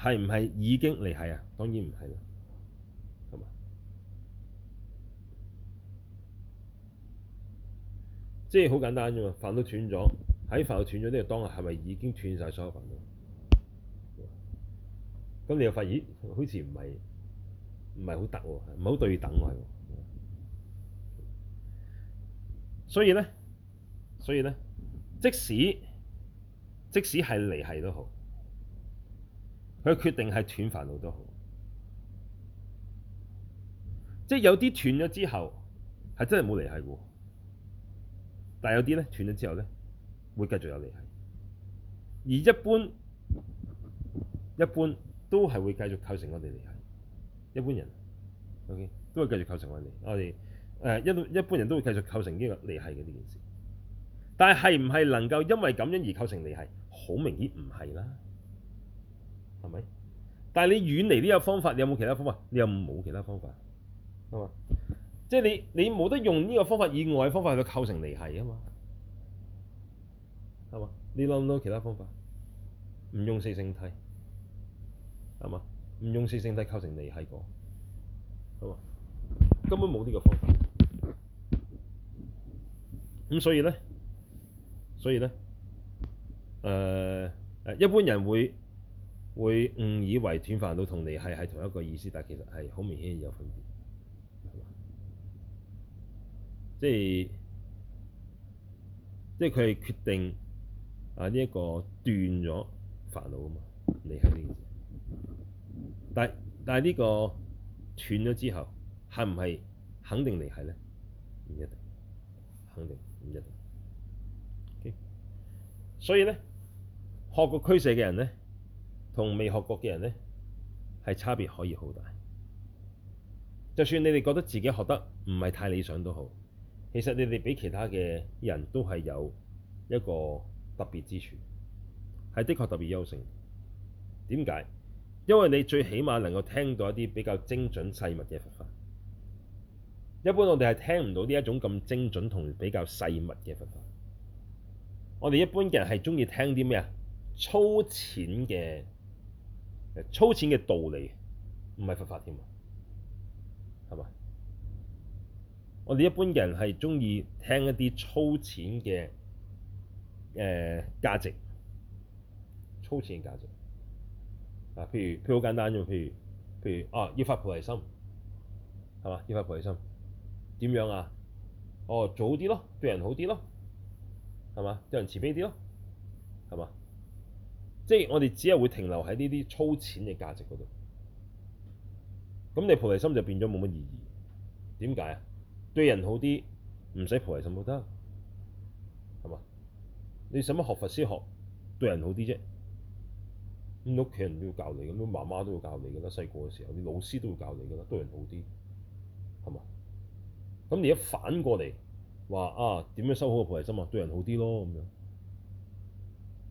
係唔係已經離繫啊？當然唔係啦，係嘛？即係好簡單啫嘛，煩惱都斷咗喺煩惱度斷咗呢個當日係咪已經斷晒所有煩惱咯？咁你又發現好似唔係唔係好得喎，唔係好對等喎，所以咧，所以咧，即使即使係離繫都好。佢決定係斷煩惱都好，即係有啲斷咗之後係真係冇離繫嘅。但係有啲咧斷咗之後咧會繼續有離繫。而一般一般都係會繼續構成我哋離繫，一般人，OK，都會繼續構成我哋，我哋誒一一般人都會繼續構成呢個離繫嘅呢件事。但係係唔係能夠因為咁樣而構成離繫，好明顯唔係啦。係咪？但係你遠離呢個方法，你有冇其他方法？你又冇其他方法，係嘛？即係你你冇得用呢個方法以外嘅方法去構成離繫啊嘛，係嘛？你諗唔到其他方法？唔用四性體，係嘛？唔用四性體構成離繫個，係嘛？根本冇呢個方法。咁所以咧，所以咧，誒、呃、誒，一般人會。會誤以為斷煩惱同離繫係同一個意思，但其實係好明顯有分別。即係，即係佢係決定啊呢一、這個斷咗煩惱啊嘛，離繫呢件事。但係但係呢個斷咗之後，係唔係肯定離繫咧？唔一定，肯定唔一定。Okay. 所以咧，學過俱舍嘅人咧。同未學過嘅人呢，係差別可以好大。就算你哋覺得自己學得唔係太理想都好，其實你哋比其他嘅人都係有一個特別之處，係的確特別優勝。點解？因為你最起碼能夠聽到一啲比較精準細密嘅佛法。一般我哋係聽唔到呢一種咁精準同比較細密嘅佛法。我哋一般嘅人係中意聽啲咩啊？粗淺嘅。粗淺嘅道理，唔係佛法添啊，係咪？我哋一般人係中意聽一啲粗淺嘅誒價值，粗淺嘅價值啊，譬如譬如好簡單啫嘛，譬如譬如啊，要發菩提心，係嘛？要發菩提心，點樣啊？哦，做好啲咯，對人好啲咯，係嘛？對人慈悲啲咯。即係我哋只係會停留喺呢啲粗淺嘅價值嗰度，咁你菩提心就變咗冇乜意義。點解啊？對人好啲，唔使菩提心都得，係嘛？你使乜學佛先學對人好啲啫？咁屋企人都要教你，咁媽媽都要教你噶啦，細個嘅時候，啲老師都要教你噶啦，對人好啲，係嘛？咁你，你，你，你一反過嚟話啊，點樣修好個菩提心啊？對人好啲咯，咁樣。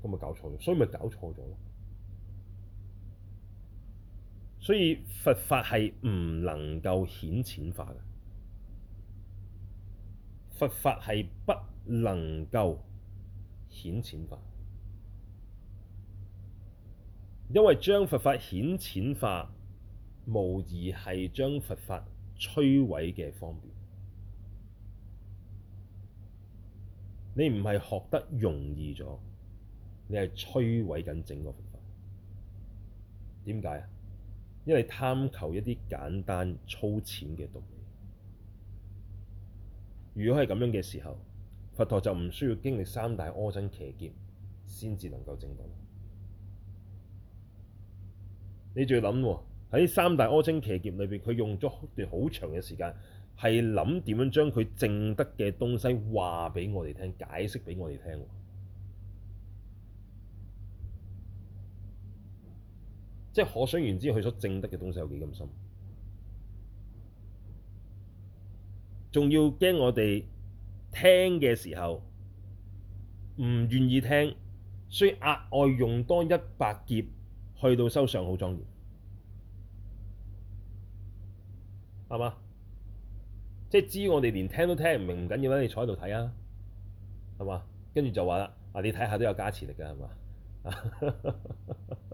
咁咪搞錯咗，所以咪搞錯咗咯。所以佛法係唔能夠顯淺化嘅，佛法係不能夠顯淺化，因為將佛法顯淺化，無疑係將佛法摧毀嘅方便。你唔係學得容易咗。你係摧毀緊整個佛法，點解啊？因為貪求一啲簡單粗淺嘅道理。如果係咁樣嘅時候，佛陀就唔需要經歷三大阿僧祇劫先至能夠證到。你仲要諗喎，喺三大阿僧祇劫裏邊，佢用咗段好長嘅時間，係諗點樣將佢證得嘅東西話俾我哋聽，解釋俾我哋聽喎。即係可想而知，佢所正得嘅東西有幾咁深，仲要驚我哋聽嘅時候唔願意聽，所以額外用多一百劫去到修相好莊嚴，係嘛？即係知我哋連聽都聽唔明，唔緊要啦，你坐喺度睇啊，係嘛？跟住就話啦，你睇下都有加持力嘅，係嘛？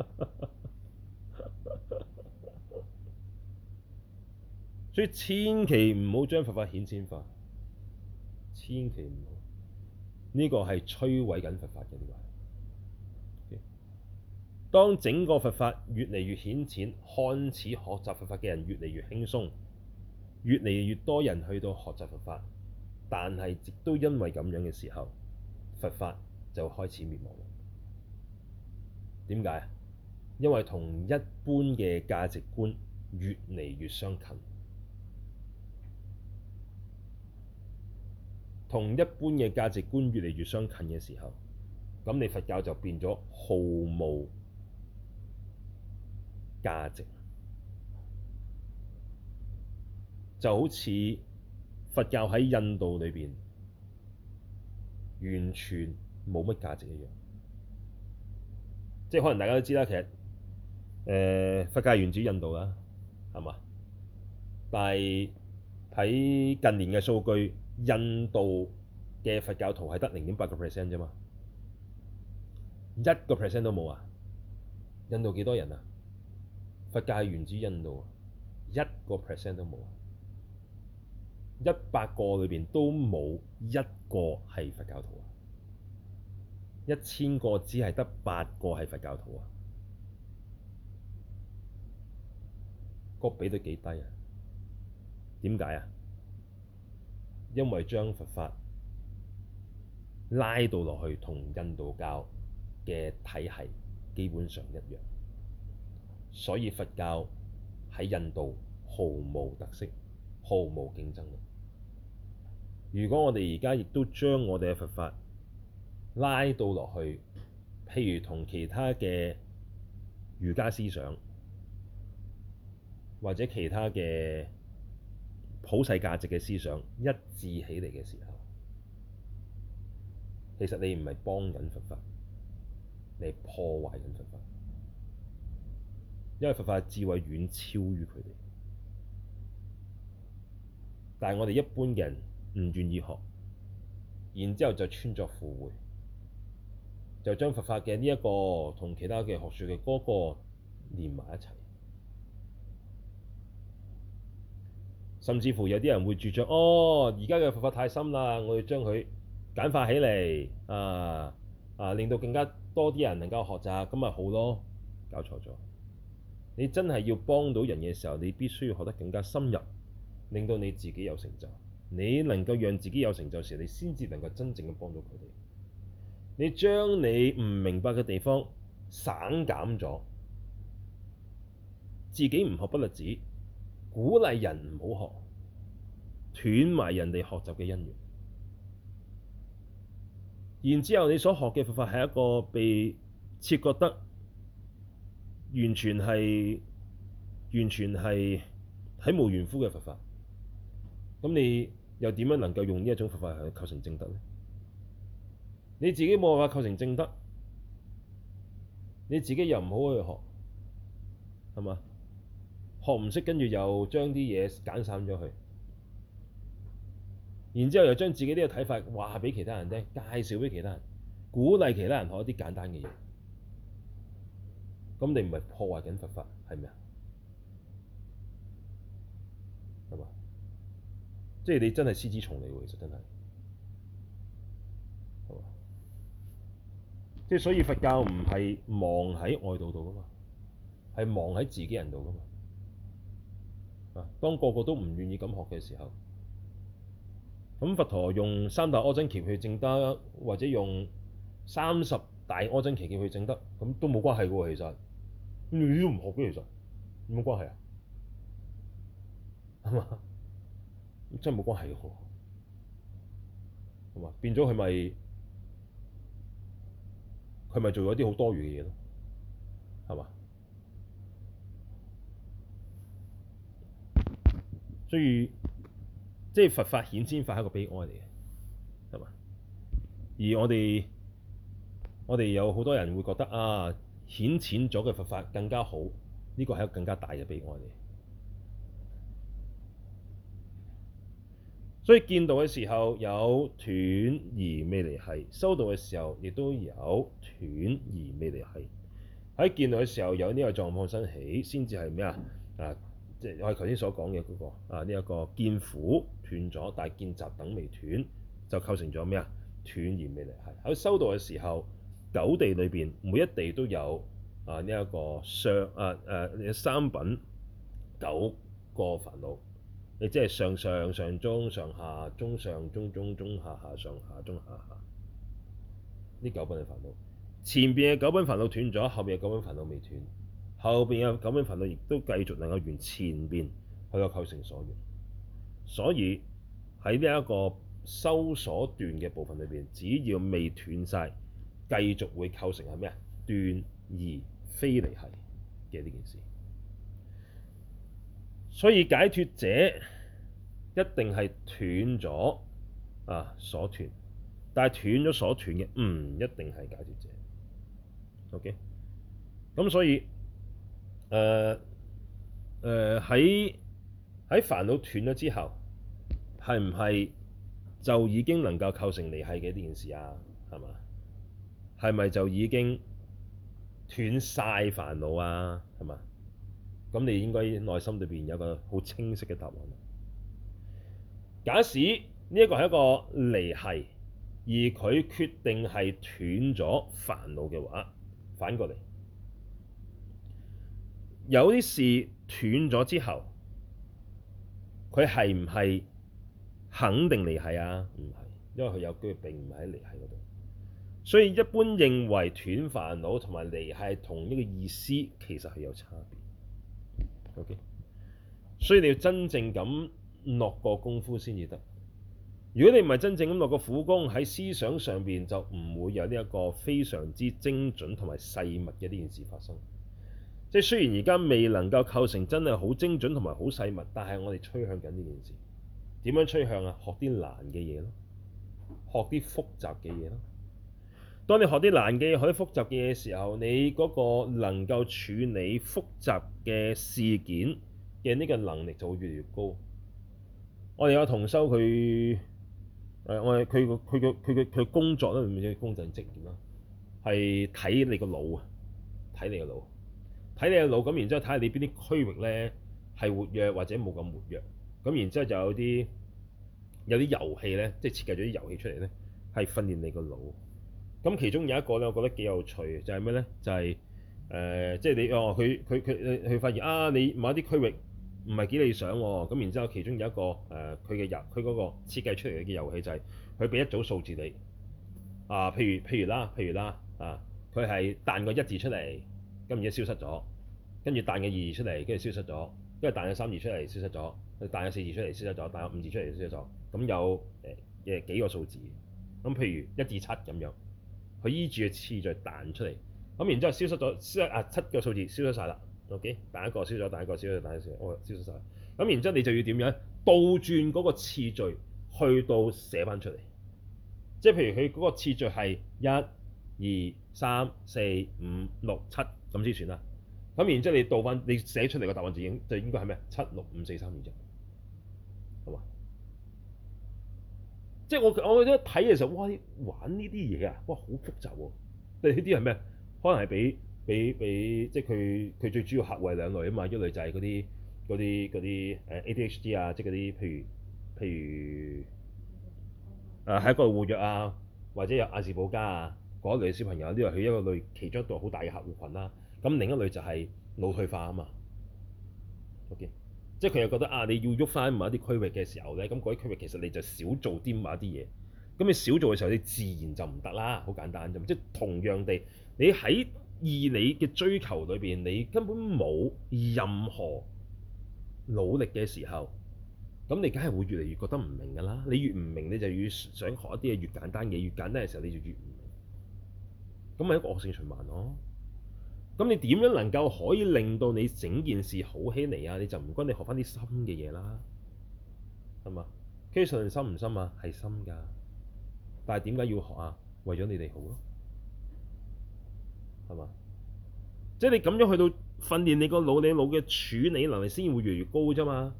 *laughs* 所以千祈唔好將佛法顯淺化，千祈唔好呢個係摧毀緊佛法嘅呢個係。Okay? 當整個佛法越嚟越顯淺，看似學習佛法嘅人越嚟越輕鬆，越嚟越多人去到學習佛法，但係亦都因為咁樣嘅時候，佛法就開始滅亡。點解？因為同一般嘅價值觀越嚟越相近。同一般嘅價值觀越嚟越相近嘅時候，咁你佛教就變咗毫無價值，就好似佛教喺印度裏邊完全冇乜價值一樣。即係可能大家都知啦，其實誒、呃、佛教係源自印度啦，係嘛？但係喺近年嘅數據，印度嘅佛教徒係得零點八個 percent 啫嘛，一個 percent 都冇啊！印度幾多人啊？佛教係源自印度啊，啊個一個 percent 都冇啊！一百個裏邊都冇一個係佛教徒啊！一千個只係得八個係佛教徒啊！個比都幾低啊？點解啊？因為將佛法拉到落去，同印度教嘅體系基本上一樣，所以佛教喺印度毫無特色，毫無競爭力。如果我哋而家亦都將我哋嘅佛法拉到落去，譬如同其他嘅儒家思想，或者其他嘅……普世價值嘅思想一致起嚟嘅時候，其實你唔係幫緊佛法，你係破壞緊佛法，因為佛法嘅智慧遠超於佢哋，但係我哋一般人唔願意學，然之後就穿鑿附會，就將佛法嘅呢一個同其他嘅學術嘅嗰個連埋一齊。甚至乎有啲人會主張：「哦！而家嘅佛法太深啦，我要將佢簡化起嚟，啊啊，令到更加多啲人能夠學習，咁咪好咯？搞錯咗，你真係要幫到人嘅時候，你必須要學得更加深入，令到你自己有成就。你能夠讓自己有成就時，你先至能夠真正咁幫到佢哋。你將你唔明白嘅地方省減咗，自己唔學不立止。鼓勵人唔好學，斷埋人哋學習嘅因緣，然之後你所學嘅佛法係一個被切割得完全係完全係體無完膚嘅佛法，咁你又點樣能夠用呢一種佛法去構成正德呢？你自己冇辦法構成正德，你自己又唔好去學，係嘛？學唔識，跟住又將啲嘢揀散咗佢，然之後又將自己呢個睇法話俾其他人聽，介紹俾其他人，鼓勵其他人學一啲簡單嘅嘢。咁你唔係破壞緊佛法係咪啊？係嘛？即係你真係獅子蟲嚟喎，其實真係係嘛？即係所以佛教唔係亡喺外道度㗎嘛，係亡喺自己人度㗎嘛。啊！當個個都唔願意咁學嘅時候，咁佛陀用三大阿僧祇劫去證得，或者用三十大阿僧祇劫去證得，咁都冇關係嘅喎。其實咁你都唔學嘅，其實有冇關係啊？係嘛？真係冇關係嘅喎。係嘛？變咗佢咪佢咪做咗啲好多餘嘅嘢咯？係嘛？所以，即係佛法顯淺化係一個悲哀嚟嘅，係嘛？而我哋，我哋有好多人會覺得啊，顯淺咗嘅佛法更加好，呢個係一個更加大嘅悲哀嚟。所以見道嘅時候有斷而未離繫，修道嘅時候亦都有斷而未離繫。喺見道嘅時候有呢個狀況生起，先至係咩啊？啊！即係我哋頭先所講嘅嗰個啊，呢、這、一個見苦斷咗，但係見集等未斷，就構成咗咩啊？斷而未離繫。喺修道嘅時候，九地裏邊每一地都有啊呢一、這個上啊誒、啊、三品九個煩惱，你即係上上上中上下中上中中中下下上下中下下，呢九品嘅煩惱，前邊嘅九品煩惱斷咗，後邊嘅九品煩惱未斷。後邊有九品份類，亦都繼續能夠緣前面佢嘅構成所緣，所以喺呢一個修所斷嘅部分裏邊，只要未斷晒，繼續會構成係咩啊？斷而非離繫嘅呢件事。所以解脫者一定係斷咗啊，所斷，但係斷咗所斷嘅，唔、嗯、一定係解脫者。OK，咁所以。誒誒喺喺煩惱斷咗之後，係唔係就已經能夠構成離繫嘅呢件事啊？係嘛？係咪就已經斷晒煩惱啊？係嘛？咁你應該內心裏邊有個好清晰嘅答案。假使呢一個係一個離繫，而佢決定係斷咗煩惱嘅話，反過嚟。有啲事斷咗之後，佢係唔係肯定離繫啊？唔係，因為佢有機會並唔係喺離繫嗰度。所以一般認為斷煩惱同埋離繫同一個意思，其實係有差別。OK，所以你要真正咁落個功夫先至得。如果你唔係真正咁落個苦功喺思想上邊，就唔會有呢一個非常之精準同埋細密嘅呢件事發生。即係雖然而家未能夠構成真係好精準同埋好細密，但係我哋趨向緊呢件事。點樣趨向啊？學啲難嘅嘢咯，學啲複雜嘅嘢咯。當你學啲難嘅嘢、學啲複雜嘅嘢嘅時候，你嗰個能夠處理複雜嘅事件嘅呢個能力就會越嚟越高。我哋有同修佢，誒我佢佢個佢個佢工作咧，咪即係公正啦？係睇你個腦啊，睇你個腦。睇你嘅腦，咁然之後睇下你邊啲區域呢，係活躍或者冇咁活躍，咁然之後就有啲有啲遊戲呢，即係設計咗啲遊戲出嚟呢，係訓練你個腦。咁其中有一個呢，我覺得幾有趣，就係、是、咩呢？就係、是、誒、呃，即係你哦，佢佢佢佢發現啊，你某一啲區域唔係幾理想喎、哦。咁然之後，其中有一個誒，佢嘅遊，佢嗰個設計出嚟嘅遊戲就係佢俾一組數字你啊，譬如譬如啦，譬如啦啊，佢係彈個一字出嚟。咁然之後消失咗，跟住彈嘅二出嚟，跟住消失咗，跟住彈嘅三字出嚟，消失咗，彈嘅四字出嚟，消失咗，彈嘅五字出嚟，消失咗。咁有誒誒幾個數字，咁譬如一至七咁樣，佢依住嘅次序彈出嚟，咁然之後消失咗，消啊七個數字消失晒啦。OK，彈一個消失咗，彈一個消失咗，彈一個消失，我消失曬。咁、哦、然之後你就要點樣倒轉嗰個次序去到寫翻出嚟，即係譬如佢嗰個次序係一、二、三、四、五、六、七。咁之算啦。咁然之後你倒翻，你寫出嚟個答案字應就應該係咩？七六五四三二一，好嘛？即係我我覺得睇嘅時候，哇！玩呢啲嘢啊，哇！好複雜喎。即係呢啲係咩？可能係俾俾俾，即係佢佢最主要客戶兩類啊嘛。一類就係嗰啲嗰啲嗰啲誒 ADHD 啊，即係嗰啲譬如譬如誒喺過度活躍啊，或者有亞氏保加啊嗰一類小朋友，呢個係一個類其中一度好大嘅客戶群啦。咁另一類就係腦退化啊嘛，OK，即係佢又覺得啊，你要喐翻某一啲區域嘅時候咧，咁嗰啲區域其實你就少做啲某一啲嘢，咁你少做嘅時候，你自然就唔得啦，好簡單啫。即係同樣地，你喺以你嘅追求裏邊，你根本冇任何努力嘅時候，咁你梗係會越嚟越覺得唔明噶啦。你越唔明，你就越想學一啲嘢越簡單嘅，越簡單嘅時候你就越唔明，咁咪一個惡性循環咯。咁你點樣能夠可以令到你整件事好起嚟啊？你就唔該你學翻啲深嘅嘢啦，係嘛，其 a s 深唔深啊？係深㗎，但係點解要學啊？為咗你哋好咯，係嘛？即係你咁樣去到訓練你個腦，你個腦嘅處理能力先會越嚟越高啫嘛，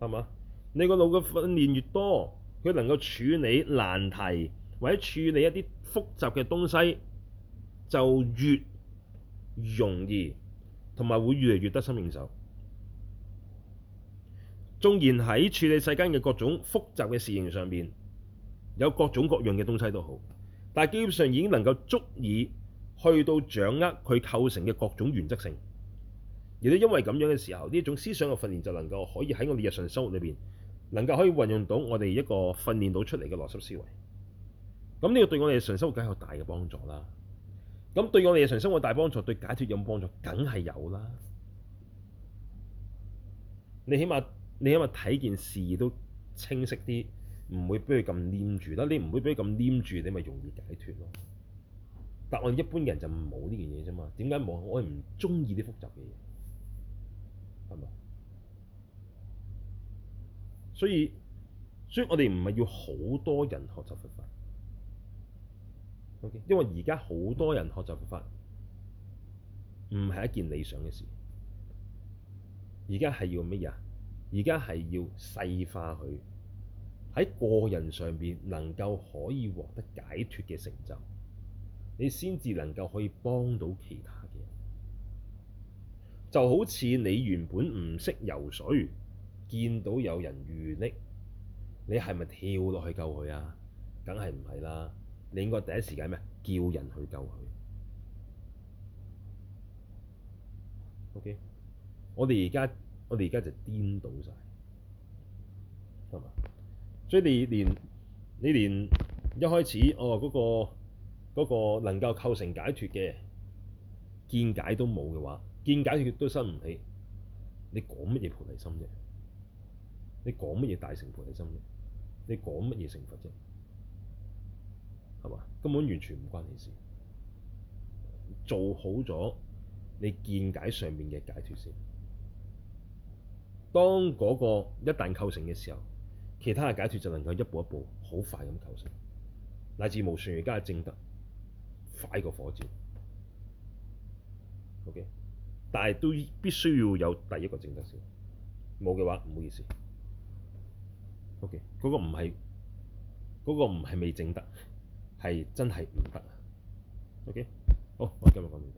係嘛？你個腦嘅訓練越多，佢能夠處理難題或者處理一啲複雜嘅東西就越容易同埋會越嚟越得心應手。縱然喺處理世間嘅各種複雜嘅事情上面，有各種各樣嘅東西都好，但係基本上已經能夠足以去到掌握佢構成嘅各種原則性。亦都因為咁樣嘅時候，呢一種思想嘅訓練就能夠可以喺我哋日常生活裏邊，能夠可以運用到我哋一個訓練到出嚟嘅邏輯思維。咁呢個對我哋日常生活梗係有大嘅幫助啦。咁對我哋日常生活大幫助，對解脱有冇幫助？梗係有啦！你起碼，你起碼睇件事都清晰啲，唔會俾佢咁黏住啦。你唔會俾佢咁黏住，你咪容易解脱咯。但我哋一般人就冇呢件嘢啫嘛。點解冇？我哋唔中意啲複雜嘅嘢，係嘛？所以，所以我哋唔係要好多人學習佛法。Okay. 因為而家好多人學習法，唔係一件理想嘅事。而家係要乜嘢？而家係要細化佢，喺個人上邊能夠可以獲得解脱嘅成就，你先至能夠可以幫到其他嘅人。就好似你原本唔識游水，見到有人遇溺，你係咪跳落去救佢啊？梗係唔係啦～你應該第一時間咩？叫人去救佢。OK，我哋而家我哋而家就顛倒晒。係嘛？所以你連你連一開始哦嗰個嗰個能夠構成解脱嘅見解都冇嘅話，見解脱都生唔起，你講乜嘢菩提心啫？你講乜嘢大乘菩提心啫？你講乜嘢成佛啫？根本完全唔關你事。做好咗你見解上面嘅解脫先。當嗰個一旦構成嘅時候，其他嘅解脫就能夠一步一步好快咁構成，乃至無上而家係正德，快過火箭。O.K.，但係都必須要有第一個正德先，冇嘅話唔好意思。O.K.，嗰個唔係嗰個唔係未正德。係真係唔得啊，OK，好，我今日講完。